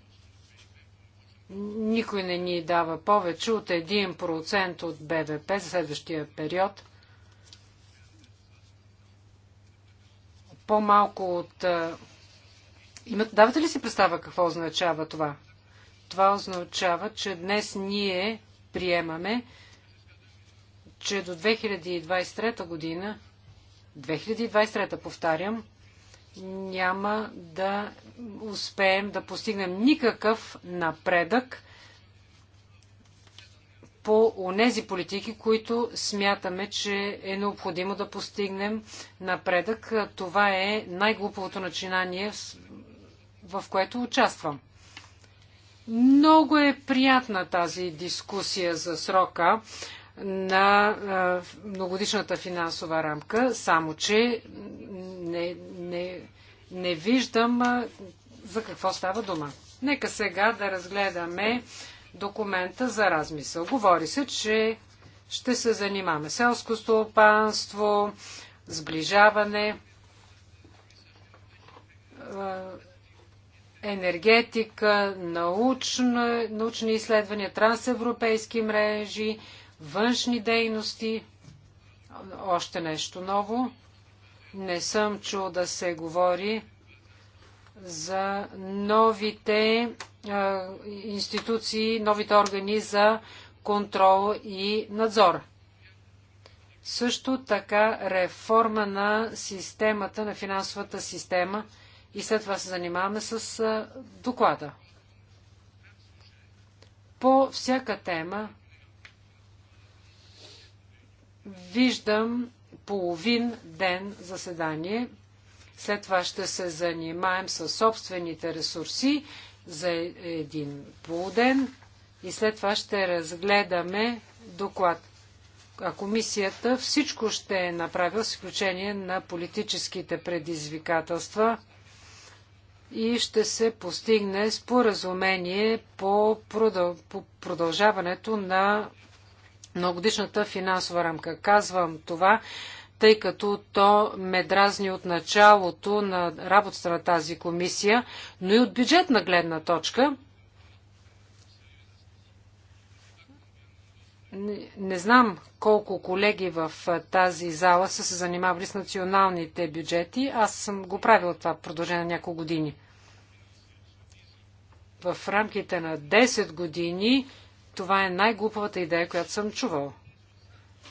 никой не ни дава повече от 1% от БВП за следващия период. По-малко от... Имат... Давате ли си представа какво означава това? Това означава, че днес ние приемаме, че до 2023 година, 2023 повтарям, няма да успеем да постигнем никакъв напредък по онези политики, които смятаме, че е необходимо да постигнем напредък. Това е най глупавото начинание, в което участвам. Много е приятна тази дискусия за срока на многодишната финансова рамка, само че не, не, не виждам за какво става дума. Нека сега да разгледаме документа за размисъл. Говори се, че ще се занимаваме селско стопанство, сближаване, енергетика, научна, научни изследвания, трансевропейски мрежи, външни дейности, още нещо ново. Не съм чул да се говори за новите а, институции, новите органи за контрол и надзор. Също така реформа на системата, на финансовата система и след това се занимаваме с а, доклада. По всяка тема виждам половин ден заседание – след това ще се занимаем с собствените ресурси за е, един полуден и след това ще разгледаме доклад. А комисията всичко ще е направил, с изключение на политическите предизвикателства и ще се постигне споразумение по, продължаването на многодишната финансова рамка. Казвам това, тъй като то ме дразни от началото на работата на тази комисия, но и от бюджетна гледна точка. Не знам колко колеги в тази зала са се занимавали с националните бюджети. Аз съм го правил това в продължение на няколко години. В рамките на 10 години това е най-глупавата идея, която съм чувал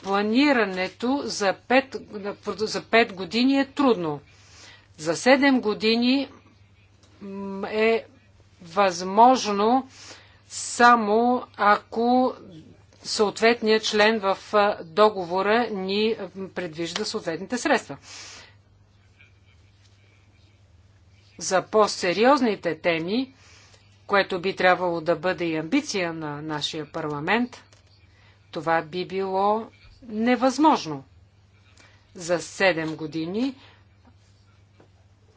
планирането за 5, за 5 години е трудно. За 7 години е възможно само ако съответният член в договора ни предвижда съответните средства. За по-сериозните теми, което би трябвало да бъде и амбиция на нашия парламент, това би било невъзможно. За 7 години,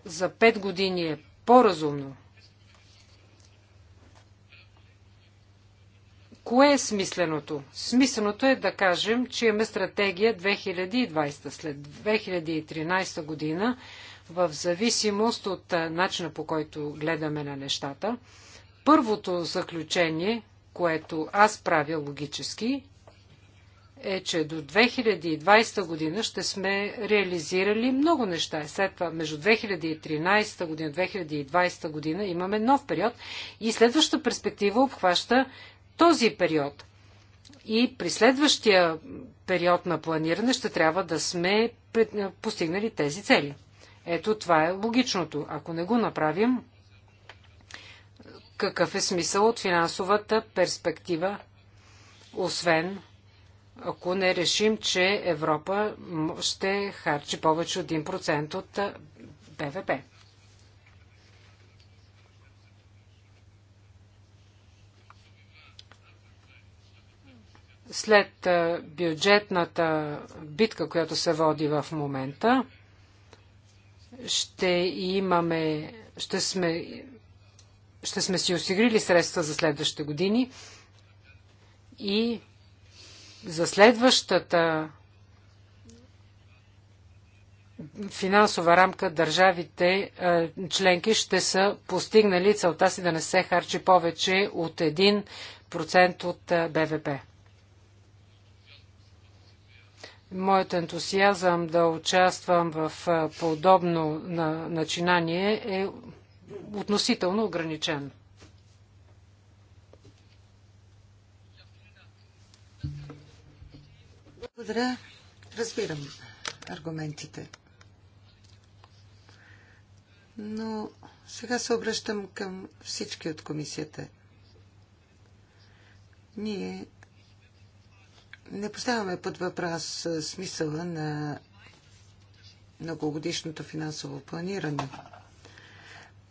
за 5 години е по-разумно. Кое е смисленото? Смисленото е да кажем, че имаме стратегия 2020. След 2013 година, в зависимост от начина по който гледаме на нещата, първото заключение, което аз правя логически, е, че до 2020 година ще сме реализирали много неща. След това, между 2013 година и 2020 година имаме нов период и следващата перспектива обхваща този период. И при следващия период на планиране ще трябва да сме постигнали тези цели. Ето това е логичното. Ако не го направим, какъв е смисъл от финансовата перспектива, освен ако не решим, че Европа ще харчи повече от 1% от БВП. След бюджетната битка, която се води в момента, ще имаме, ще сме, ще сме си осигурили средства за следващите години и за следващата финансова рамка държавите е, членки ще са постигнали целта си да не се харчи повече от 1% от е, БВП. Моят ентусиазъм да участвам в е, подобно начинание е относително ограничен. Благодаря. Разбирам аргументите. Но сега се обръщам към всички от комисията. Ние не поставяме под въпрос смисъла на многогодишното финансово планиране.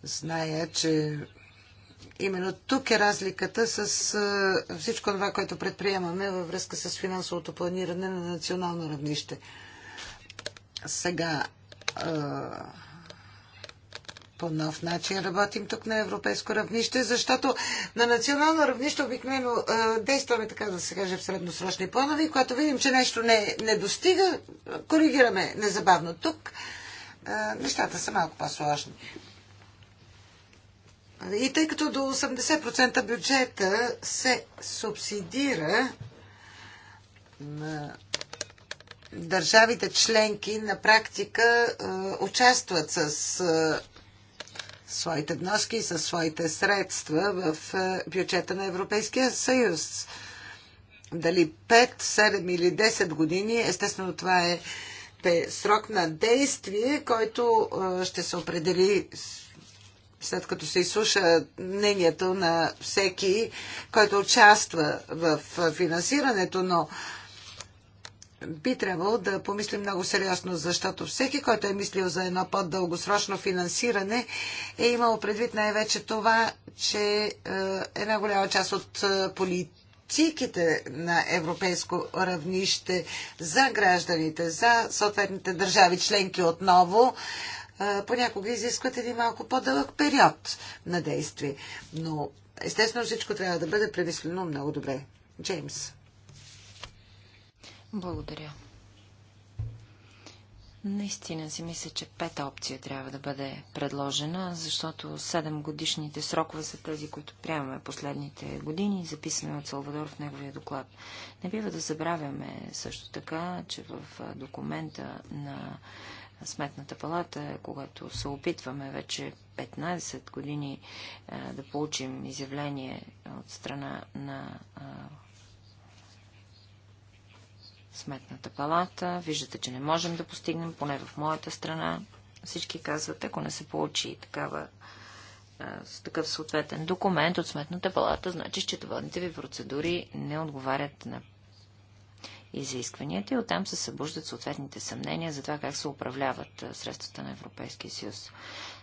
Зная, че именно тук е разликата с всичко това, което предприемаме във връзка с финансовото планиране на национално равнище. Сега по нов начин работим тук на европейско равнище, защото на национално равнище обикновено действаме, така да се каже, в средносрочни планове и когато видим, че нещо не, не достига, коригираме незабавно. Тук нещата са малко по-сложни. И тъй като до 80% бюджета се субсидира на държавите членки на практика участват с своите вноски и с своите средства в бюджета на Европейския съюз. Дали 5, 7 или 10 години, естествено това е, е срок на действие, който ще се определи след като се изслуша мнението на всеки, който участва в финансирането, но би трябвало да помислим много сериозно, защото всеки, който е мислил за едно по-дългосрочно финансиране, е имал предвид най-вече това, че една голяма част от политиките на европейско равнище за гражданите, за съответните държави членки отново, понякога изискват един малко по-дълъг период на действие. Но естествено всичко трябва да бъде премислено много добре. Джеймс. Благодаря. Наистина си мисля, че пета опция трябва да бъде предложена, защото 7 годишните срокове са тези, които приемаме последните години, записани от Салвадор в неговия доклад. Не бива да забравяме също така, че в документа на Сметната палата, когато се опитваме вече 15 години а, е, да получим изявление от страна на а, Сметната палата. Виждате, че не можем да постигнем, поне в моята страна. Всички казват, ако не се получи такава, а, с такъв съответен документ от Сметната палата, значи счетоводните ви процедури не отговарят на изискванията и оттам се събуждат съответните съмнения за това как се управляват средствата на Европейския съюз.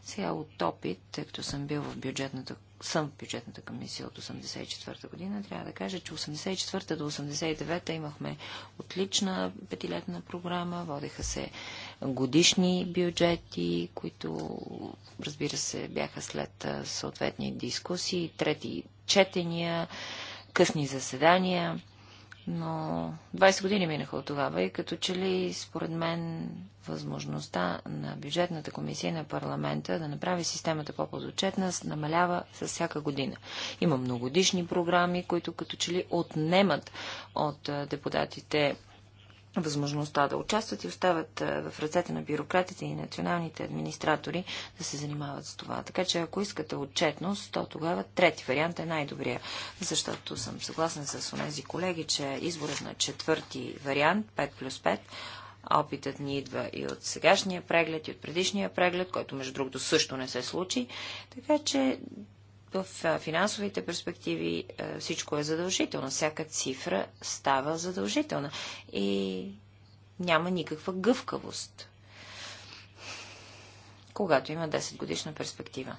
Сега от опит, тъй като съм бил в бюджетната, съм в бюджетната комисия от 1984 година, трябва да кажа, че 84 до 89 имахме отлична петилетна програма, водеха се годишни бюджети, които, разбира се, бяха след съответни дискусии, трети четения, късни заседания. Но 20 години минаха от това и като че ли, според мен, възможността на бюджетната комисия на парламента да направи системата по-подотчетна намалява с всяка година. Има многодишни програми, които като че ли отнемат от депутатите възможността да участват и остават в ръцете на бюрократите и националните администратори да се занимават с това. Така че ако искате отчетност, то тогава трети вариант е най-добрия, защото съм съгласен с онези колеги, че изборът на четвърти вариант, 5 плюс 5, Опитът ни идва и от сегашния преглед, и от предишния преглед, който между другото също не се случи. Така че в финансовите перспективи всичко е задължително. Всяка цифра става задължителна. И няма никаква гъвкавост, когато има 10 годишна перспектива.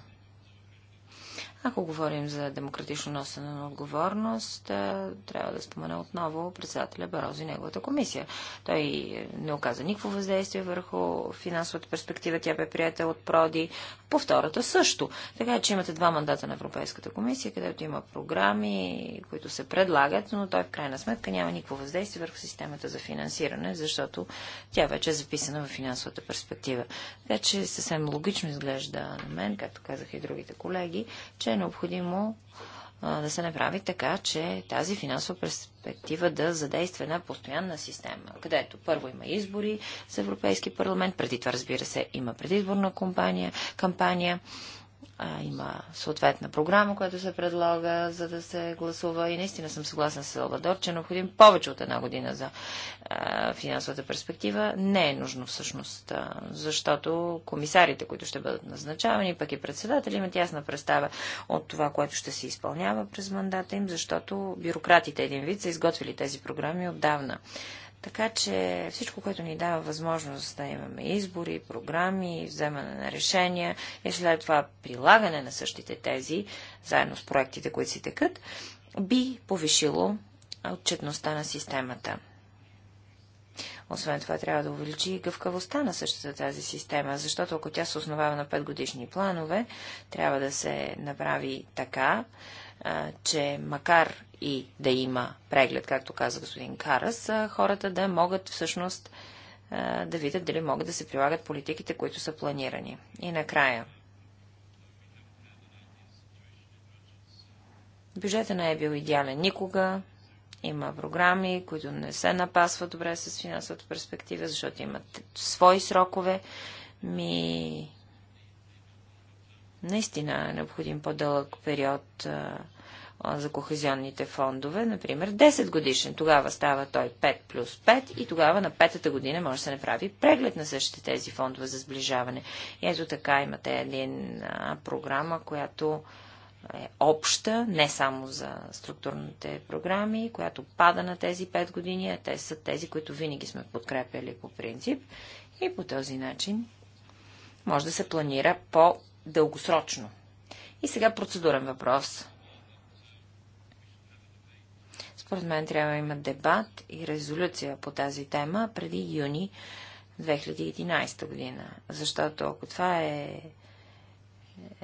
Ако говорим за демократично носене на отговорност, трябва да спомена отново председателя Барозо и неговата комисия. Той е, не оказа никакво въздействие върху финансовата перспектива. Тя бе приятел от Проди. По втората също. Така че имате два мандата на Европейската комисия, където има програми, които се предлагат, но той в крайна сметка няма никакво въздействие върху системата за финансиране, защото тя вече е записана в финансовата перспектива. Така че съвсем логично изглежда на мен, както казах и другите колеги, че е необходимо да се направи така, че тази финансова перспектива да задейства една постоянна система, където първо има избори с Европейски парламент, преди това, разбира се, има предизборна кампания, кампания а, има съответна програма, която се предлага, за да се гласува. И наистина съм съгласна с Салвадор, че е необходим повече от една година за а, финансовата перспектива. Не е нужно всъщност, а, защото комисарите, които ще бъдат назначавани, пък и председатели, имат ясна представа от това, което ще се изпълнява през мандата им, защото бюрократите един вид са изготвили тези програми отдавна. Така че всичко, което ни дава възможност да имаме избори, програми, вземане на решения и след това прилагане на същите тези, заедно с проектите, които си текат, би повишило отчетността на системата. Освен това, трябва да увеличи и гъвкавостта на същата тази система, защото ако тя се основава на 5 годишни планове, трябва да се направи така, че макар и да има преглед, както каза господин Карас, хората да могат всъщност да видят дали могат да се прилагат политиките, които са планирани. И накрая. Бюджета не е бил идеален никога. Има програми, които не се напасват добре с финансовата перспектива, защото имат свои срокове. Ми... Наистина е необходим по-дълъг период за кохезионните фондове, например, 10 годишен. Тогава става той 5 плюс 5 и тогава на петата година може да се направи преглед на същите тези фондове за сближаване. И ето така имате една програма, която е обща, не само за структурните програми, която пада на тези 5 години, а те са тези, които винаги сме подкрепяли по принцип. И по този начин може да се планира по-дългосрочно. И сега процедурен въпрос според мен трябва да има дебат и резолюция по тази тема преди юни 2011 година. Защото ако това е,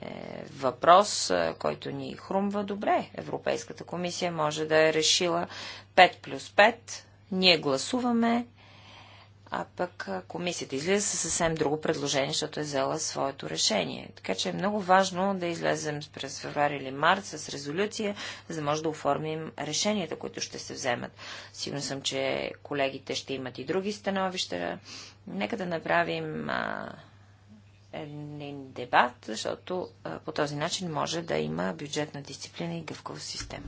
е въпрос, е, който ни хрумва добре. Европейската комисия може да е решила 5 плюс 5. Ние гласуваме, а пък комисията излиза със съвсем друго предложение, защото е взела своето решение. Така че е много важно да излезем през феврари или март с резолюция, за да може да оформим решенията, които ще се вземат. Сигурно съм, че колегите ще имат и други становища. Нека да направим а, един дебат, защото а, по този начин може да има бюджетна дисциплина и гъвкавост система.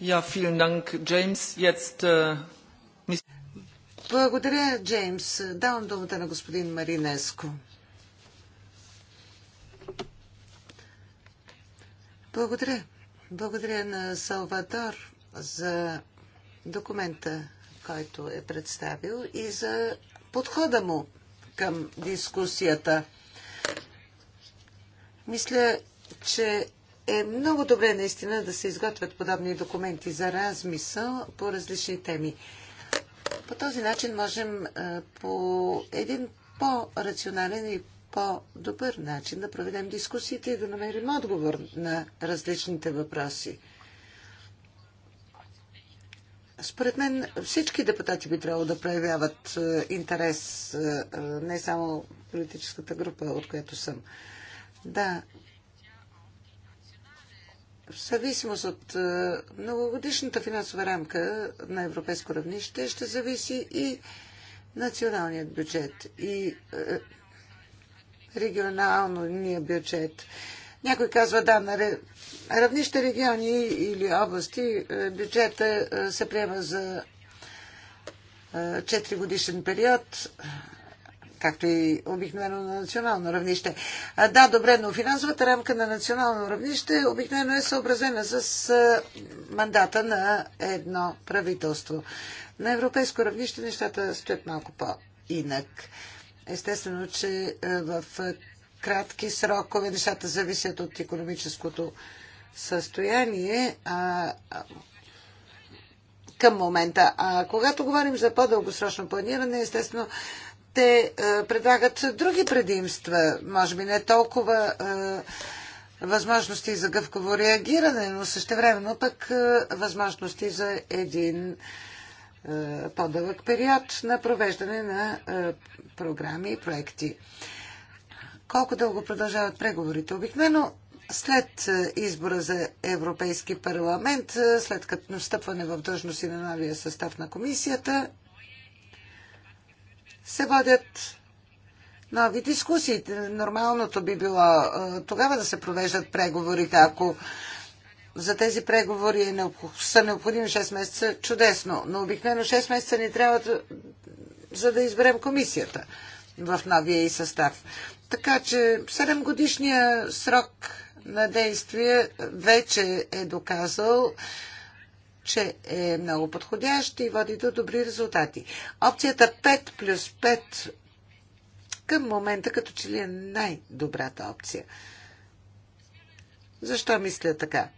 Äh, Благодаря, Джеймс. Давам думата на господин Маринеско. Благодаря. Благодаря на Салвадор за документа, който е представил и за подхода му към дискусията. Мисля, че е много добре наистина да се изготвят подобни документи за размисъл по различни теми. По този начин можем е, по един по-рационален и по-добър начин да проведем дискусиите и да намерим отговор на различните въпроси. Според мен всички депутати би трябвало да проявяват е, интерес, е, не само политическата група, от която съм. Да, в зависимост от е, многогодишната финансова рамка на европейско равнище ще зависи и националният бюджет и е, регионалния бюджет. Някой казва, да, на равнище региони или области е, бюджета е, се приема за 4 годишен период както и обикновено на национално равнище. А, да, добре, но финансовата рамка на национално равнище обикновено е съобразена с а, мандата на едно правителство. На европейско равнище нещата стоят малко по-инак. Естествено, че в кратки срокове нещата зависят от економическото състояние а, а, към момента. А когато говорим за по-дългосрочно планиране, естествено, те е, предлагат други предимства, може би не толкова е, възможности за гъвкаво реагиране, но същевременно пък е, възможности за един по-дълъг период на провеждане на програми и проекти. Колко дълго продължават преговорите? Обикновено след избора за Европейски парламент, след като настъпване в дължност и на новия състав на комисията, се водят нови дискусии. Нормалното би било тогава да се провеждат преговори, Ако за тези преговори е са необходими 6 месеца, чудесно. Но обикновено 6 месеца ни трябва, да... за да изберем комисията в новия и състав. Така че 7 годишния срок на действие вече е доказал че е много подходящ и води до добри резултати. Опцията 5 плюс 5 към момента като че ли е най-добрата опция. Защо мисля така?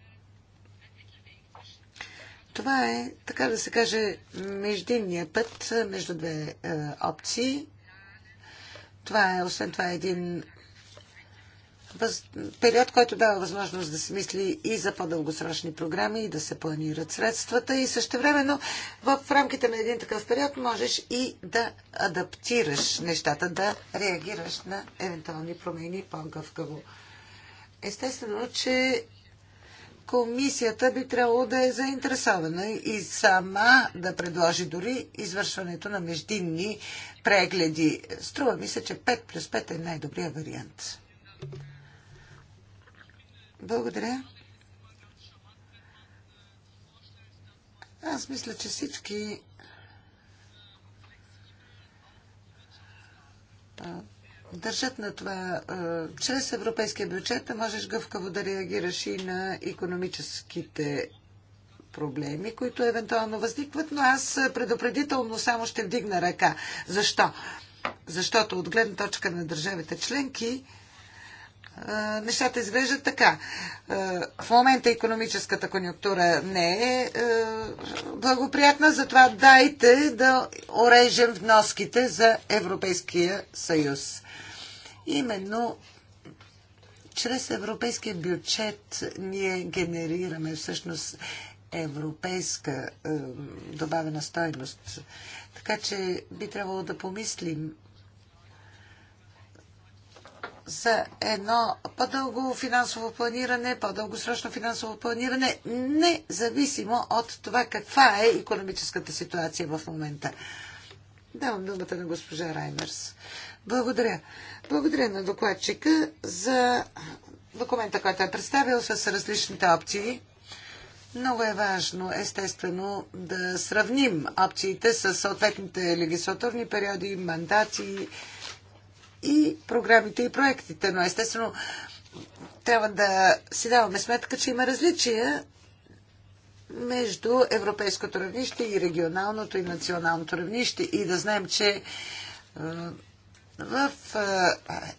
Това е, така да се каже, междинния път между две е, опции. Това е, освен това, е един въз... период, който дава възможност да се мисли и за по-дългосрочни програми и да се планират средствата и същевременно в рамките на един такъв период можеш и да адаптираш нещата, да реагираш на евентуални промени по-гъвкаво. Естествено, че комисията би трябвало да е заинтересована и сама да предложи дори извършването на междинни прегледи. Струва ми се, че 5 плюс 5 е най-добрият вариант. Благодаря. Аз мисля, че всички държат на това. Чрез европейския бюджет можеш гъвкаво да реагираш и на економическите проблеми, които евентуално възникват, но аз предупредително само ще вдигна ръка. Защо? Защото от гледна точка на държавите членки, нещата изглеждат така. В момента економическата конъюнктура не е, е благоприятна, затова дайте да орежем вноските за Европейския съюз. Именно чрез европейския бюджет ние генерираме всъщност европейска е, добавена стойност. Така че би трябвало да помислим за едно по-дълго финансово планиране, по-дългосрочно финансово планиране, независимо от това каква е економическата ситуация в момента. Давам думата на госпожа Раймерс. Благодаря. Благодаря на докладчика за документа, който е представил с различните опции. Много е важно, естествено, да сравним опциите с съответните легислатурни периоди, мандати, и програмите и проектите. Но естествено трябва да си даваме сметка, че има различия между европейското равнище и регионалното и националното равнище и да знаем, че е, в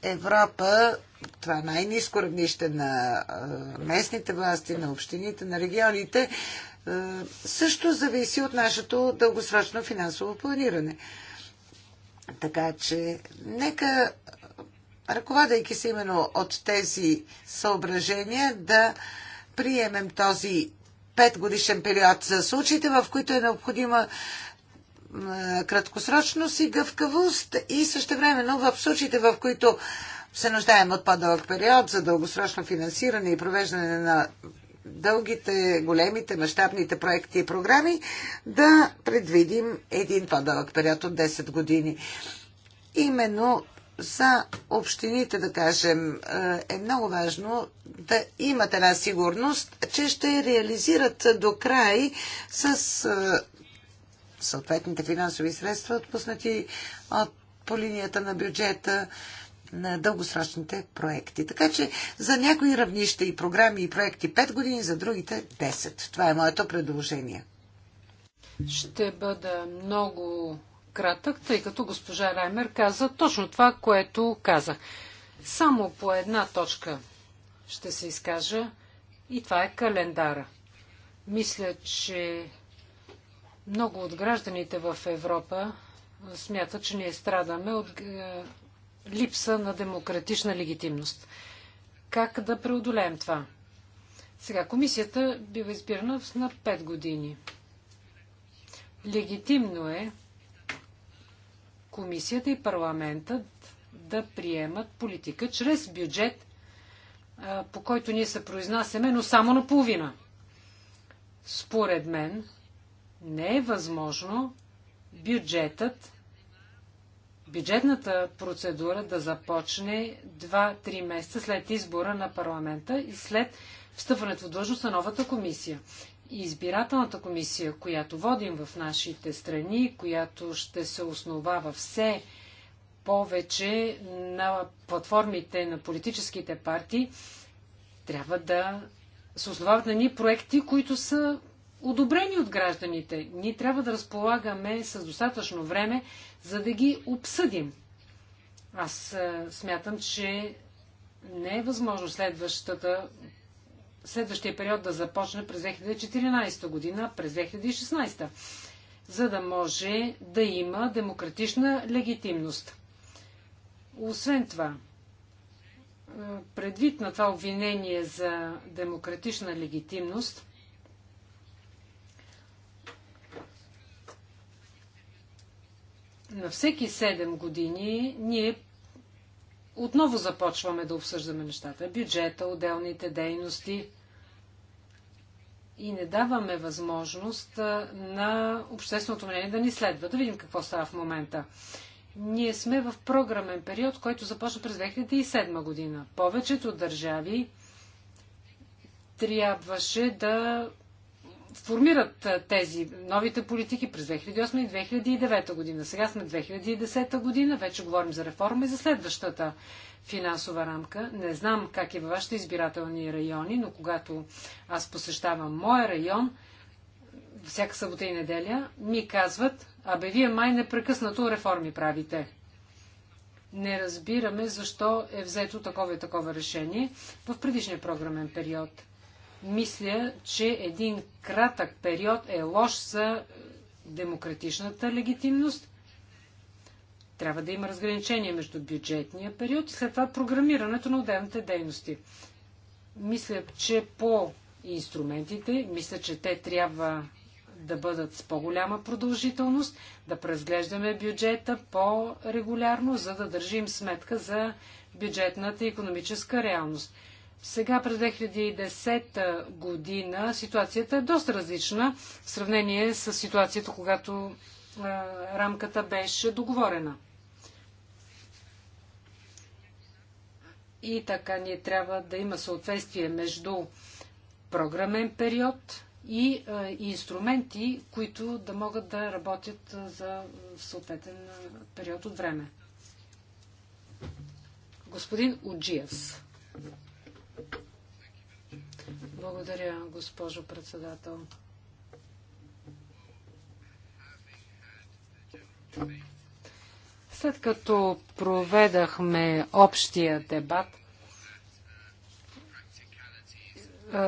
е, Европа това е най-низко равнище на е, местните власти, на общините, на регионите, също зависи от нашето дългосрочно финансово планиране. Така че, нека, ръководейки се именно от тези съображения, да приемем този петгодишен период за случаите, в които е необходима краткосрочност и гъвкавост и същевременно в случаите, в които се нуждаем от по-дълъг период за дългосрочно финансиране и провеждане на дългите, големите, мащабните проекти и програми, да предвидим един по-дълъг период от 10 години. Именно за общините, да кажем, е много важно да имат една сигурност, че ще реализират до край с е, съответните финансови средства, отпуснати от, по линията на бюджета, на дългосрочните проекти. Така че за някои равнища и програми и проекти 5 години, за другите 10. Това е моето предложение. Ще бъда много кратък, тъй като госпожа Раймер каза точно това, което казах. Само по една точка ще се изкажа и това е календара. Мисля, че много от гражданите в Европа смятат, че ние страдаме от е, липса на демократична легитимност. Как да преодолеем това? Сега комисията бива избирана на 5 години. Легитимно е комисията и парламентът да приемат политика чрез бюджет, по който ние се произнасяме, но само наполовина. Според мен не е възможно бюджетът бюджетната процедура да започне 2-3 месеца след избора на парламента и след встъпването в длъжност на новата комисия. И избирателната комисия, която водим в нашите страни, която ще се основава все повече на платформите на политическите партии, трябва да се основават на ни проекти, които са одобрени от гражданите. Ние трябва да разполагаме с достатъчно време, за да ги обсъдим. Аз е, смятам, че не е възможно следващата, следващия период да започне през 2014 година, през 2016, за да може да има демократична легитимност. Освен това, е, предвид на това обвинение за демократична легитимност, на всеки 7 години ние отново започваме да обсъждаме нещата. Бюджета, отделните дейности и не даваме възможност на общественото мнение да ни следва. Да видим какво става в момента. Ние сме в програмен период, който започна през 2007 година. Повечето държави трябваше да формират тези новите политики през 2008 и 2009 година. Сега сме 2010 година, вече говорим за реформа и за следващата финансова рамка. Не знам как е във вашите избирателни райони, но когато аз посещавам моя район, всяка събота и неделя, ми казват, абе вие май непрекъснато реформи правите. Не разбираме защо е взето такова и такова решение в предишния програмен период мисля, че един кратък период е лош за демократичната легитимност. Трябва да има разграничение между бюджетния период и след това програмирането на отделните дейности. Мисля, че по инструментите, мисля, че те трябва да бъдат с по-голяма продължителност, да преразглеждаме бюджета по-регулярно, за да държим сметка за бюджетната и економическа реалност. Сега през 2010 година ситуацията е доста различна в сравнение с ситуацията, когато а, рамката беше договорена. И така ние трябва да има съответствие между програмен период и, а, и инструменти, които да могат да работят за съответен период от време. Господин Уджиевс. Благодаря, госпожо председател. След като проведахме общия дебат,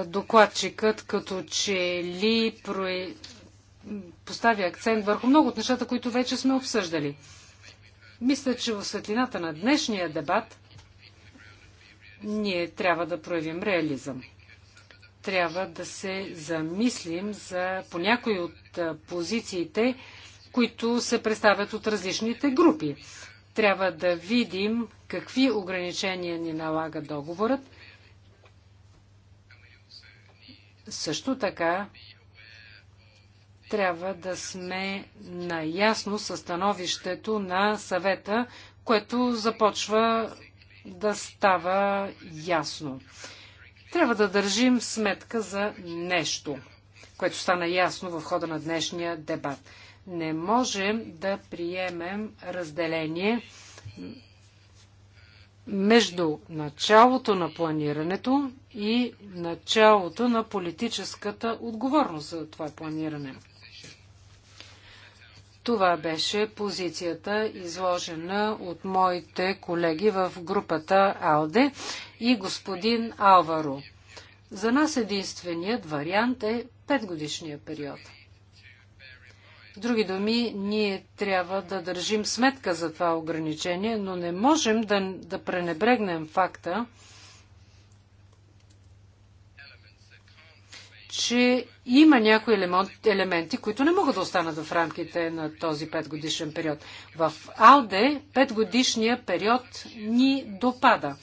докладчикът като че ли про... постави акцент върху много от нещата, които вече сме обсъждали. Мисля, че в светлината на днешния дебат ние трябва да проявим реализъм трябва да се замислим за, по някои от позициите, които се представят от различните групи. Трябва да видим какви ограничения ни налага договорът. Също така трябва да сме наясно със становището на съвета, което започва да става ясно. Трябва да държим сметка за нещо, което стана ясно в хода на днешния дебат. Не можем да приемем разделение между началото на планирането и началото на политическата отговорност за това планиране. Това беше позицията, изложена от моите колеги в групата АЛДЕ и господин Алваро. За нас единственият вариант е 5-годишния период. С други думи, ние трябва да държим сметка за това ограничение, но не можем да, да пренебрегнем факта, че има някои елементи, които не могат да останат в рамките на този петгодишен период. В АЛДЕ петгодишния период ни допада.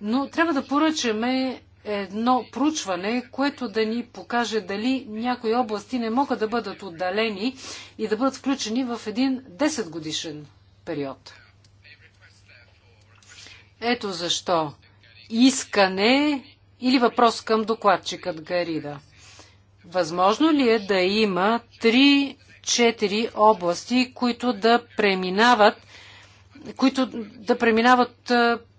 Но трябва да поръчаме едно проучване, което да ни покаже дали някои области не могат да бъдат отдалени и да бъдат включени в един 10 годишен период. Ето защо искане или въпрос към докладчикът Гарида. Възможно ли е да има 3-4 области, които да преминават които да преминават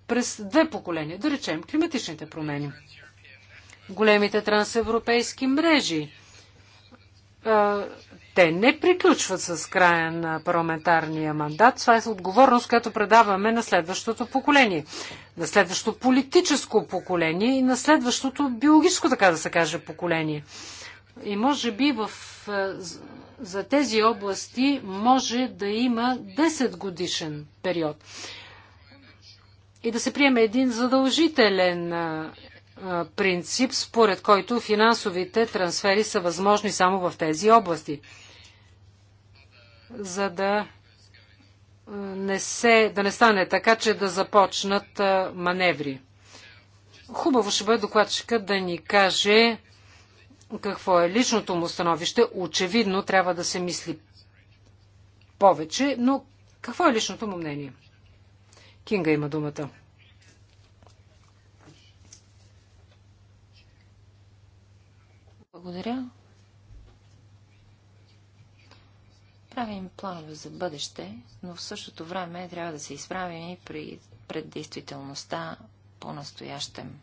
през две поколения, да речем климатичните промени, големите трансевропейски мрежи. Те не приключват с края на парламентарния мандат. Това е отговорност, която предаваме на следващото поколение, на следващото политическо поколение и на следващото биологическо, така да се каже, поколение. И може би в, е, за тези области може да има 10 годишен период. И да се приеме един задължителен е, е, принцип, според който финансовите трансфери са възможни само в тези области. За да не, се, да не стане така, че да започнат маневри. Хубаво ще бъде докладчика да ни каже какво е личното му становище. Очевидно трябва да се мисли повече, но какво е личното му мнение? Кинга има думата. Благодаря. Правим планове за бъдеще, но в същото време трябва да се изправим и пред действителността по-настоящем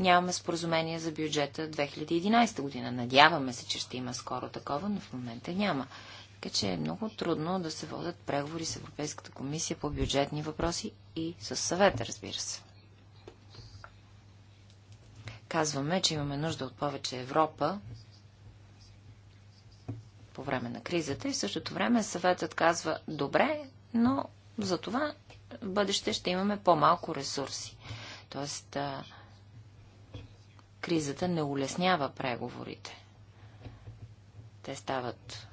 нямаме споразумение за бюджета 2011 година. Надяваме се, че ще има скоро такова, но в момента няма. Така че е много трудно да се водят преговори с Европейската комисия по бюджетни въпроси и с съвета, разбира се. Казваме, че имаме нужда от повече Европа по време на кризата и в същото време съветът казва добре, но за това в бъдеще ще имаме по-малко ресурси. Тоест, кризата не улеснява преговорите. Те стават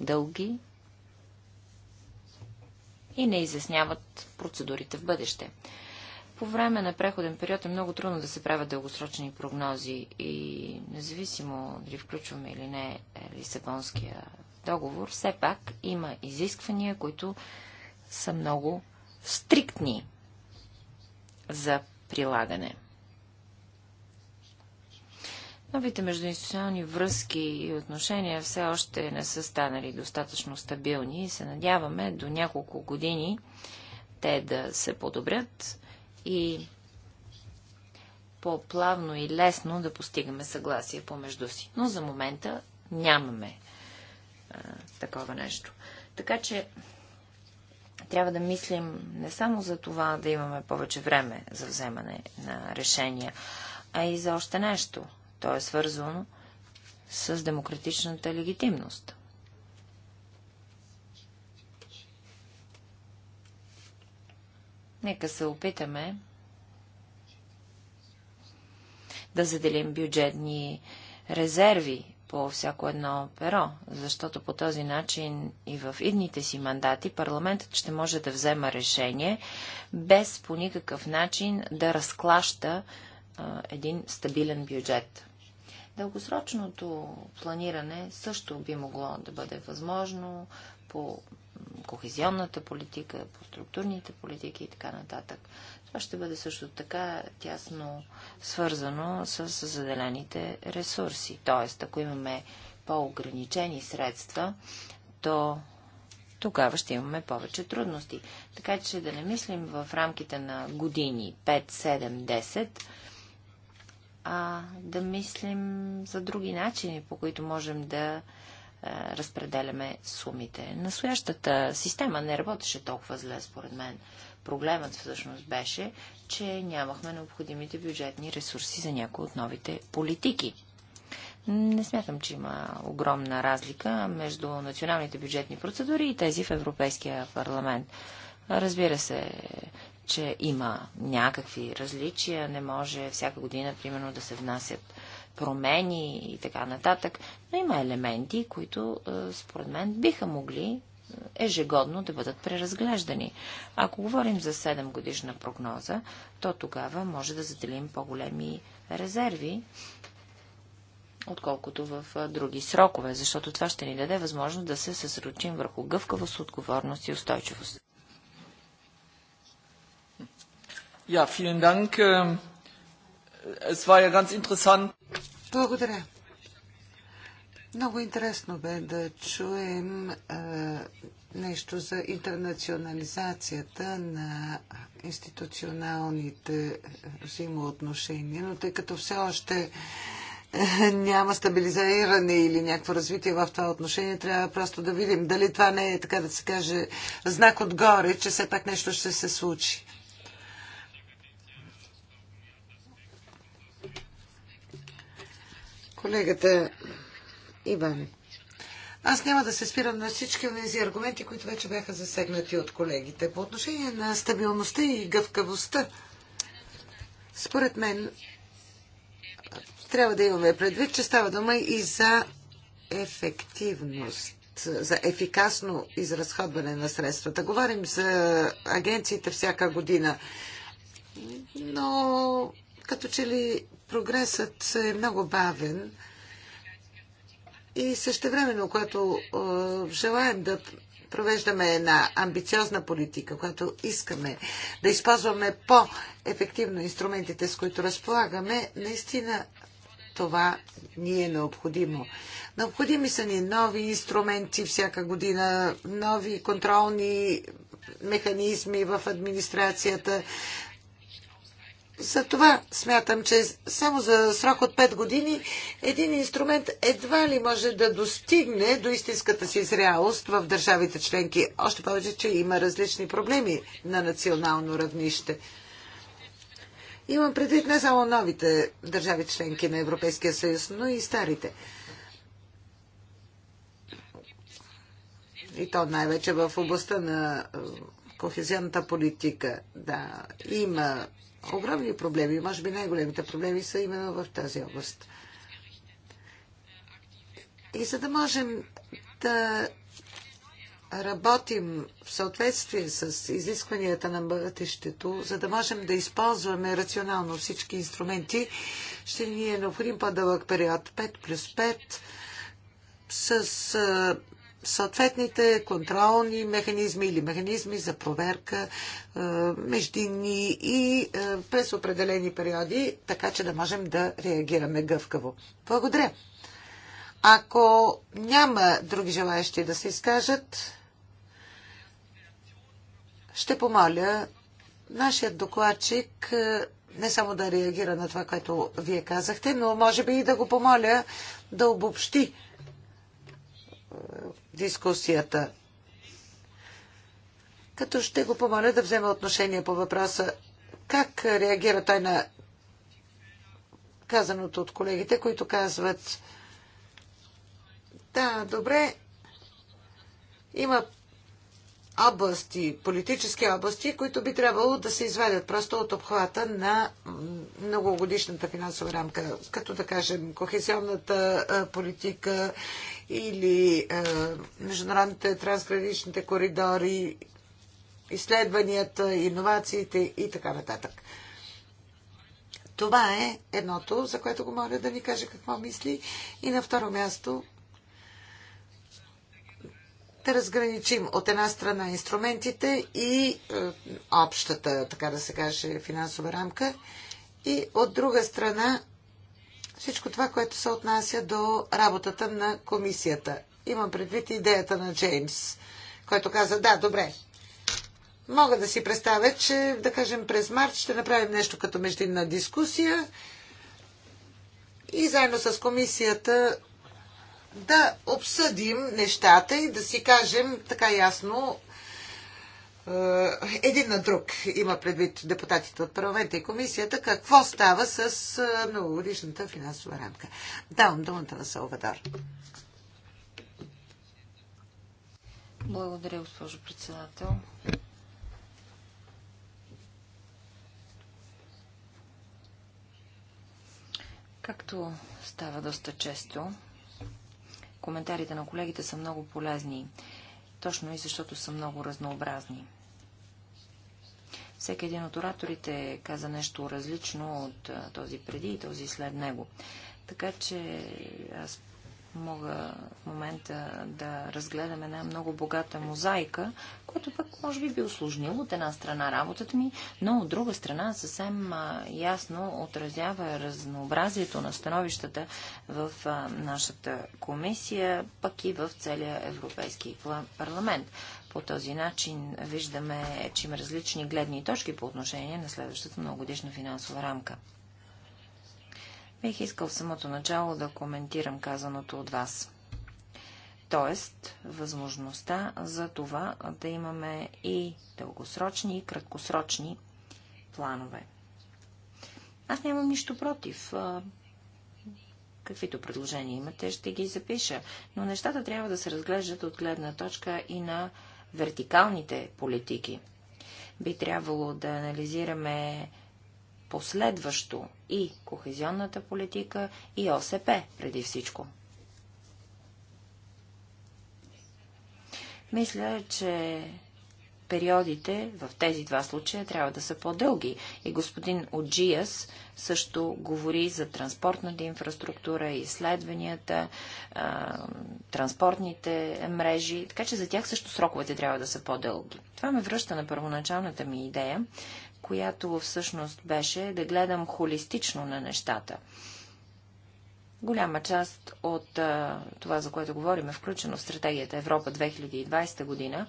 дълги и не изясняват процедурите в бъдеще. По време на преходен период е много трудно да се правят дългосрочни прогнози и независимо дали включваме или не Лисабонския договор, все пак има изисквания, които са много стриктни за прилагане. Новите междуинституционални връзки и отношения все още не са станали достатъчно стабилни и се надяваме до няколко години те да се подобрят и по-плавно и лесно да постигаме съгласие помежду си. Но за момента нямаме а, такова нещо. Така че трябва да мислим не само за това да имаме повече време за вземане на решения, а и за още нещо – то е свързано с демократичната легитимност. Нека се опитаме да заделим бюджетни резерви по всяко едно перо, защото по този начин и в идните си мандати парламентът ще може да взема решение, без по никакъв начин да разклаща а, един стабилен бюджет. Дългосрочното планиране също би могло да бъде възможно по кохезионната политика, по структурните политики и така нататък. Това ще бъде също така тясно свързано с заделените ресурси. Тоест, ако имаме по-ограничени средства, то тогава ще имаме повече трудности. Така че да не мислим в рамките на години 5, 7, 10, а да мислим за други начини, по които можем да а, разпределяме сумите. Настоящата система не работеше толкова зле, според мен. Проблемът всъщност беше, че нямахме необходимите бюджетни ресурси за някои от новите политики. Не смятам, че има огромна разлика между националните бюджетни процедури и тези в Европейския парламент. Разбира се, че има някакви различия, не може всяка година, примерно, да се внасят промени и така нататък, но има елементи, които е, според мен биха могли е, ежегодно да бъдат преразглеждани. Ако говорим за 7 годишна прогноза, то тогава може да заделим по-големи резерви, отколкото в е, други срокове, защото това ще ни даде възможност да се съсредоточим върху гъвкавост, отговорност и устойчивост. Ja, vielen Dank. Ähm, es war ja ganz interessant. Благодаря. Много интересно бе да чуем нещо за интернационализацията на институционалните взаимоотношения, но тъй като все още е, няма стабилизиране или някакво развитие в това отношение, трябва просто да видим дали това не е, така да се каже, знак отгоре, че все пак нещо ще се случи. колегата Иван. Аз няма да се спирам на всички от тези аргументи, които вече бяха засегнати от колегите. По отношение на стабилността и гъвкавостта, според мен трябва да имаме предвид, че става дума и за ефективност за ефикасно изразходване на средствата. Говорим за агенциите всяка година, но като че ли прогресът е много бавен и същевременно, когато желаем да провеждаме една амбициозна политика, която искаме да използваме по-ефективно инструментите, с които разполагаме, наистина това ни е необходимо. Необходими са ни нови инструменти всяка година, нови контролни механизми в администрацията, за това смятам, че само за срок от 5 години един инструмент едва ли може да достигне до истинската си зрялост в държавите членки. Още повече, че има различни проблеми на национално равнище. Имам предвид не само новите държави членки на Европейския съюз, но и старите. И то най-вече в областта на е, кохезионната политика. Да, има огромни проблеми. Може би най-големите проблеми са именно в тази област. И за да можем да работим в съответствие с изискванията на бъдещето, за да можем да използваме рационално всички инструменти, ще ни е необходим по-дълъг период 5 плюс 5 с съответните контролни механизми или механизми за проверка е, междинни и е, през определени периоди, така че да можем да реагираме гъвкаво. Благодаря. Ако няма други желаящи да се изкажат, ще помоля нашият докладчик е, не само да реагира на това, което вие казахте, но може би и да го помоля да обобщи дискусията. Като ще го помоля да взема отношение по въпроса как реагира той на казаното от колегите, които казват да, добре, има области, политически области, които би трябвало да се извадят просто от обхвата на многогодишната финансова рамка, като да кажем кохезионната политика или а, международните трансграничните коридори, изследванията, иновациите и така нататък. Това е едното, за което го моля да ни каже какво мисли. И на второ място да разграничим от една страна инструментите и е, общата, така да се каже, финансова рамка и от друга страна всичко това, което се отнася до работата на комисията. Имам предвид идеята на Джеймс, който каза, да, добре, мога да си представя, че, да кажем, през март ще направим нещо като междинна дискусия и заедно с комисията да обсъдим нещата и да си кажем така ясно е, един на друг, има предвид депутатите от парламента и комисията, какво става с многогодишната финансова рамка. Давам думата на Салвадор. Благодаря, госпожо председател. Както става доста често, коментарите на колегите са много полезни точно и защото са много разнообразни. Всеки един от ораторите каза нещо различно от този преди и този след него. Така че аз мога в момента да разгледам една много богата мозайка, което пък може би би осложнило от една страна работата ми, но от друга страна съвсем ясно отразява разнообразието на становищата в нашата комисия, пък и в целия Европейски парламент. По този начин виждаме, че има различни гледни точки по отношение на следващата многогодишна финансова рамка. Бих искал в самото начало да коментирам казаното от вас. Тоест, възможността за това да имаме и дългосрочни, и краткосрочни планове. Аз нямам нищо против. Каквито предложения имате, ще ги запиша. Но нещата трябва да се разглеждат от гледна точка и на вертикалните политики. Би трябвало да анализираме последващо и кохезионната политика, и ОСП преди всичко. Мисля, че периодите в тези два случая трябва да са по-дълги. И господин Оджиас също говори за транспортната инфраструктура, изследванията, транспортните мрежи, така че за тях също сроковете трябва да са по-дълги. Това ме връща на първоначалната ми идея която всъщност беше да гледам холистично на нещата. Голяма част от а, това, за което говорим, е включено в стратегията Европа 2020 година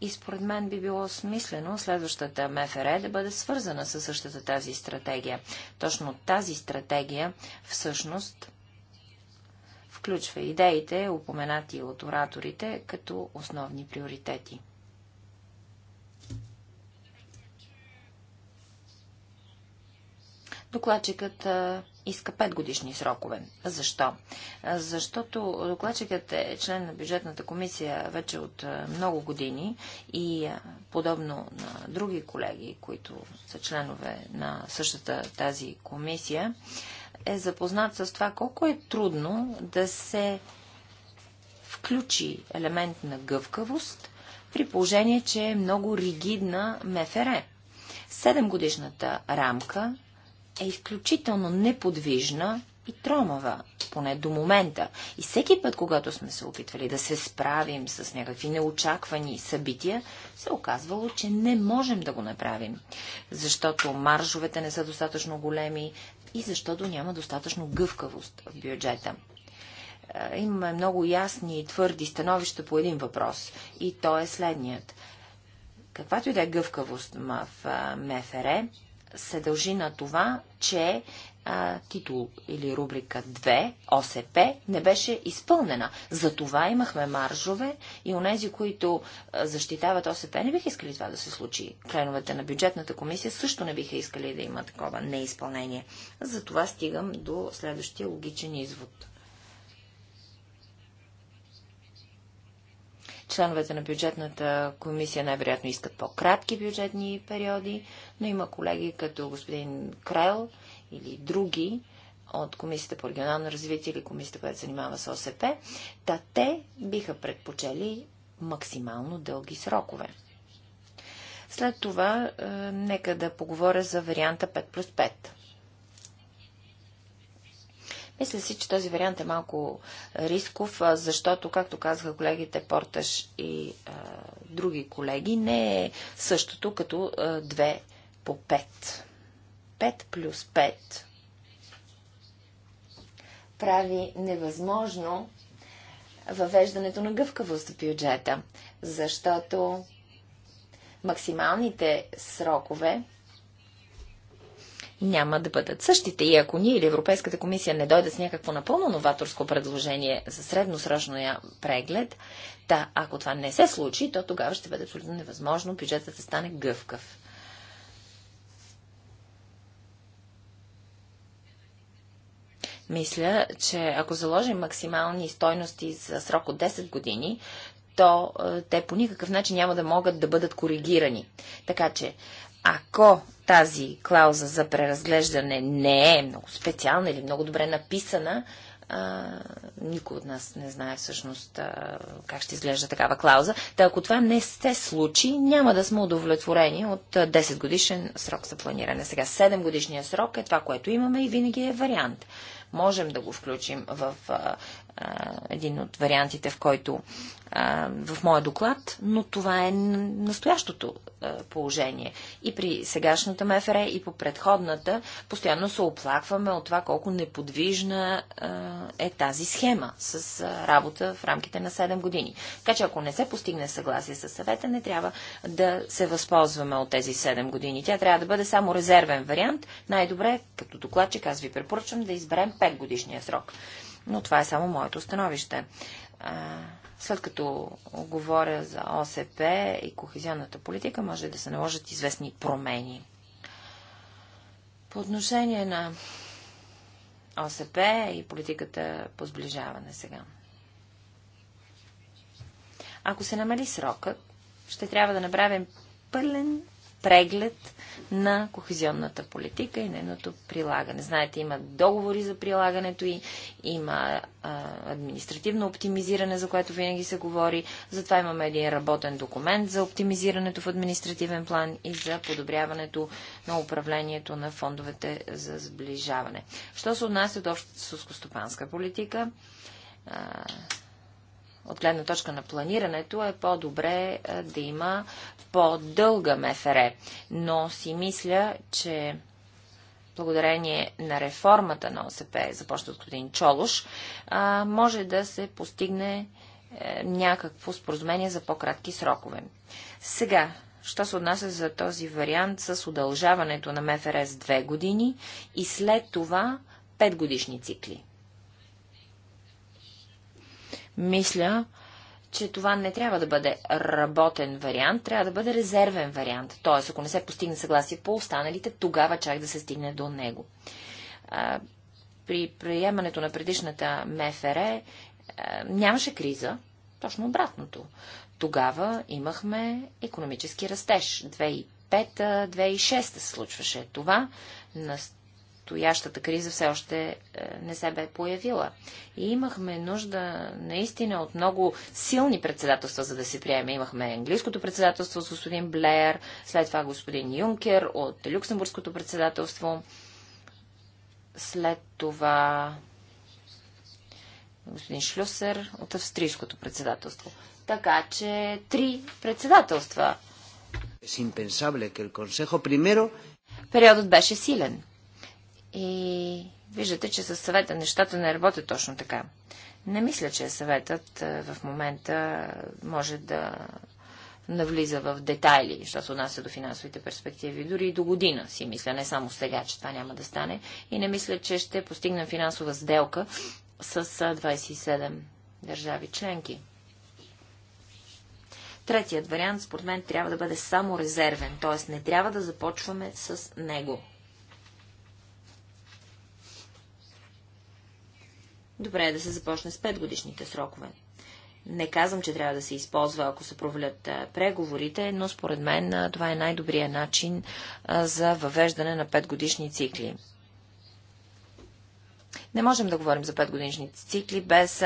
и според мен би било смислено следващата МФР да бъде свързана със същата тази стратегия. Точно тази стратегия всъщност включва идеите, упоменати от ораторите, като основни приоритети. Докладчикът иска 5 годишни срокове. Защо? Защото докладчикът е член на бюджетната комисия вече от много години и подобно на други колеги, които са членове на същата тази комисия, е запознат с това колко е трудно да се включи елемент на гъвкавост при положение, че е много ригидна МФР. Седемгодишната рамка е изключително неподвижна и тромава, поне до момента. И всеки път, когато сме се опитвали да се справим с някакви неочаквани събития, се е оказвало, че не можем да го направим, защото маржовете не са достатъчно големи и защото няма достатъчно гъвкавост в бюджета. Е, имаме много ясни и твърди становища по един въпрос и то е следният. Каквато и да е гъвкавост в МФР, се дължи на това, че а, титул или рубрика 2, ОСП, не беше изпълнена. За това имахме маржове и онези, които защитават ОСП, не биха искали това да се случи. Кленовете на бюджетната комисия също не биха искали да има такова неизпълнение. За това стигам до следващия логичен извод. Членовете на бюджетната комисия най-вероятно искат по-кратки бюджетни периоди, но има колеги като господин Крел или други от Комисията по регионално развитие или Комисията, която се занимава с ОСП, та те биха предпочели максимално дълги срокове. След това, е, нека да поговоря за варианта 5 плюс 5. Мисля си, че този вариант е малко рисков, защото, както казаха колегите Порташ и а, други колеги, не е същото като а, 2 по 5. 5 плюс 5 прави невъзможно въвеждането на гъвкавост в бюджета, защото максималните срокове няма да бъдат същите. И ако ние или Европейската комисия не дойде с някакво напълно новаторско предложение за средносрочния преглед, да, ако това не се случи, то тогава ще бъде абсолютно невъзможно бюджетът да стане гъвкав. Мисля, че ако заложим максимални стойности за срок от 10 години, то е, те по никакъв начин няма да могат да бъдат коригирани. Така че ако тази клауза за преразглеждане не е много специална или много добре написана, а, никой от нас не знае всъщност а, как ще изглежда такава клауза. Та ако това не се случи, няма да сме удовлетворени от 10 годишен срок за планиране. Сега 7 годишния срок е това, което имаме и винаги е вариант. Можем да го включим в а, един от вариантите, в който в моя доклад, но това е настоящото положение. И при сегашната МФР, и по предходната, постоянно се оплакваме от това колко неподвижна е тази схема с работа в рамките на 7 години. Така че ако не се постигне съгласие с съвета, не трябва да се възползваме от тези 7 години. Тя трябва да бъде само резервен вариант. Най-добре, като докладчик, аз ви препоръчвам да изберем 5 годишния срок. Но това е само моето становище. След като говоря за ОСП и кохезионната политика, може да се наложат известни промени. По отношение на ОСП и политиката по сближаване сега. Ако се намали срокът, ще трябва да направим пълен преглед на кохезионната политика и нейното прилагане. Знаете, има договори за прилагането и има а, административно оптимизиране, за което винаги се говори. Затова имаме един работен документ за оптимизирането в административен план и за подобряването на управлението на фондовете за сближаване. Що се отнася до общата сускостопанска политика? А, от гледна точка на планирането е по-добре е, да има по-дълга МФР. Но си мисля, че благодарение на реформата на ОСП, започва от господин Чолуш, може да се постигне е, някакво споразумение за по-кратки срокове. Сега, що се отнася за този вариант с удължаването на МФРС с две години и след това пет годишни цикли? Мисля, че това не трябва да бъде работен вариант, трябва да бъде резервен вариант. Тоест, ако не се постигне съгласие по останалите, тогава чак да се стигне до него. при приемането на предишната МФР нямаше криза, точно обратното. Тогава имахме економически растеж. 2005-2006 се случваше това настоящата криза все още е, не се бе появила. И имахме нужда наистина от много силни председателства, за да се приеме. Имахме английското председателство с господин Блеер, след това господин Юнкер от люксембургското председателство, след това господин Шлюсер от австрийското председателство. Така че три председателства. Периодът беше силен. И виждате, че със съвета нещата не работят точно така. Не мисля, че съветът е, в момента може да навлиза в детайли, що се отнася до финансовите перспективи. Дори и до година си мисля, не само сега, че това няма да стане. И не мисля, че ще постигнем финансова сделка с 27 е, държави членки. Третият вариант, според мен, трябва да бъде само резервен, т.е. не трябва да започваме с него. Добре е да се започне с 5 годишните срокове. Не казвам, че трябва да се използва, ако се провалят преговорите, но според мен това е най-добрия начин за въвеждане на 5 годишни цикли. Не можем да говорим за 5 годишни цикли без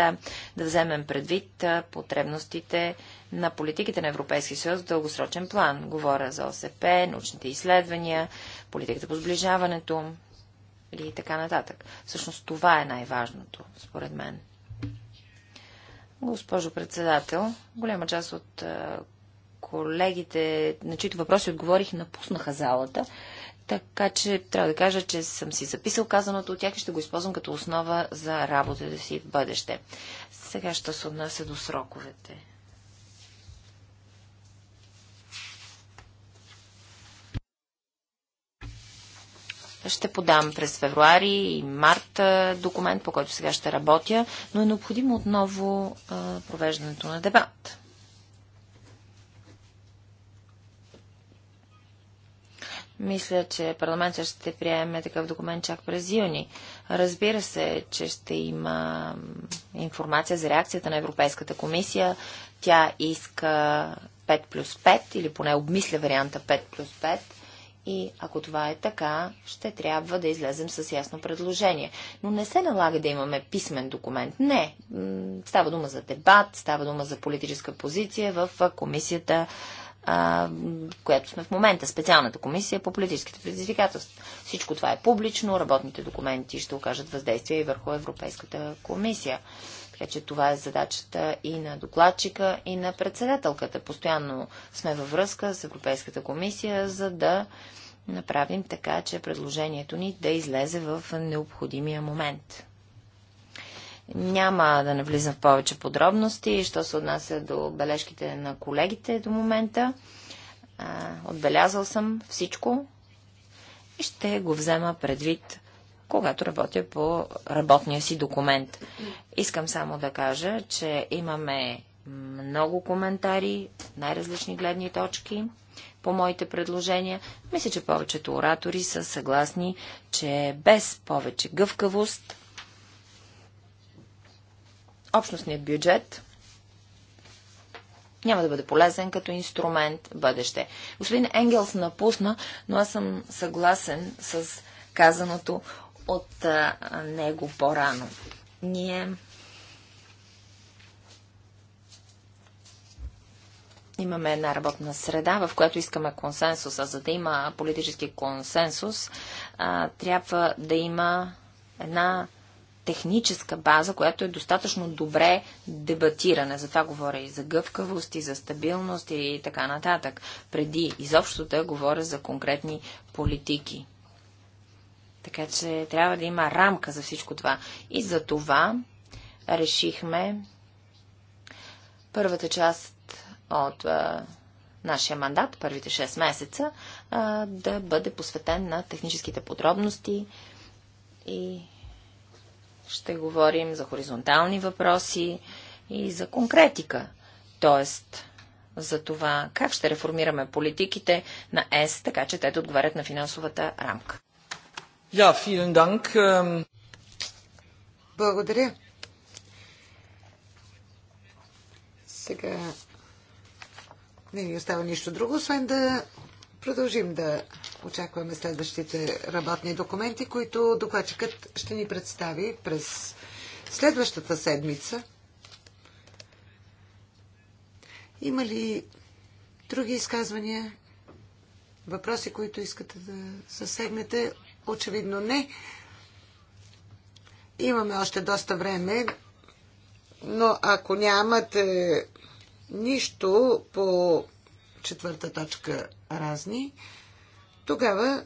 да вземем предвид потребностите на политиките на Европейския съюз в дългосрочен план. Говоря за ОСП, научните изследвания, политиката по сближаването или така нататък. Всъщност това е най-важното, според мен. Госпожо председател, голяма част от колегите, на чието въпроси отговорих, напуснаха залата. Така че трябва да кажа, че съм си записал казаното от тях и ще го използвам като основа за работата си в бъдеще. Сега ще се отнася до сроковете. Ще подам през февруари и март документ, по който сега ще работя, но е необходимо отново провеждането на дебат. Мисля, че парламентът ще приеме такъв документ чак през юни. Разбира се, че ще има информация за реакцията на Европейската комисия. Тя иска 5 плюс 5 или поне обмисля варианта 5 плюс 5 и ако това е така, ще трябва да излезем с ясно предложение. Но не се налага да имаме писмен документ. Не. Става дума за дебат, става дума за политическа позиция в комисията, която сме в момента, специалната комисия по политическите предизвикателства. Всичко това е публично, работните документи ще окажат въздействие и върху Европейската комисия. Така че това е задачата и на докладчика, и на председателката. Постоянно сме във връзка с Европейската комисия, за да направим така, че предложението ни да излезе в необходимия момент. Няма да навлизам в повече подробности, що се отнася до бележките на колегите до момента. Отбелязал съм всичко и ще го взема предвид когато работя по работния си документ. Искам само да кажа, че имаме много коментари, най-различни гледни точки по моите предложения. Мисля, че повечето оратори са съгласни, че без повече гъвкавост общностният бюджет няма да бъде полезен като инструмент в бъдеще. Господин Енгелс напусна, но аз съм съгласен с казаното от него по-рано. Ние имаме една работна среда, в която искаме консенсус, а за да има политически консенсус, трябва да има една техническа база, която е достатъчно добре дебатирана. Затова говоря и за гъвкавост, и за стабилност, и така нататък. Преди изобщо да говоря за конкретни политики. Така че трябва да има рамка за всичко това. И за това решихме първата част от а, нашия мандат, първите 6 месеца, а, да бъде посветен на техническите подробности и ще говорим за хоризонтални въпроси и за конкретика. Тоест, за това как ще реформираме политиките на ЕС, така че те отговарят на финансовата рамка. Ja, vielen Dank. Ähm, Благодаря. Сега не ни остава нищо друго, освен да продължим да очакваме следващите работни документи, които докладчикът ще ни представи през следващата седмица. Има ли други изказвания? Въпроси, които искате да засегнете? Очевидно не. Имаме още доста време, но ако нямате нищо по четвърта точка разни, тогава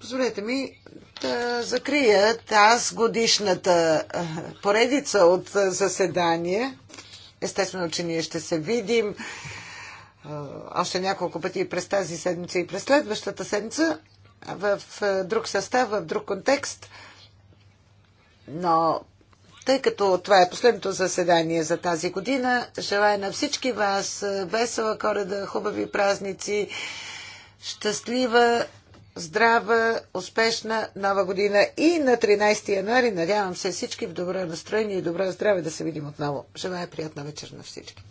позволете ми да закрия тази годишната поредица от заседания. Естествено, че ние ще се видим още няколко пъти през тази седмица и през следващата седмица в е, друг състав, в друг контекст. Но тъй като това е последното заседание за тази година, желая на всички вас е, весела коледа, хубави празници, щастлива, здрава, успешна нова година и на 13 януари, надявам се всички в добро настроение и добро здраве да се видим отново. Желая приятна вечер на всички.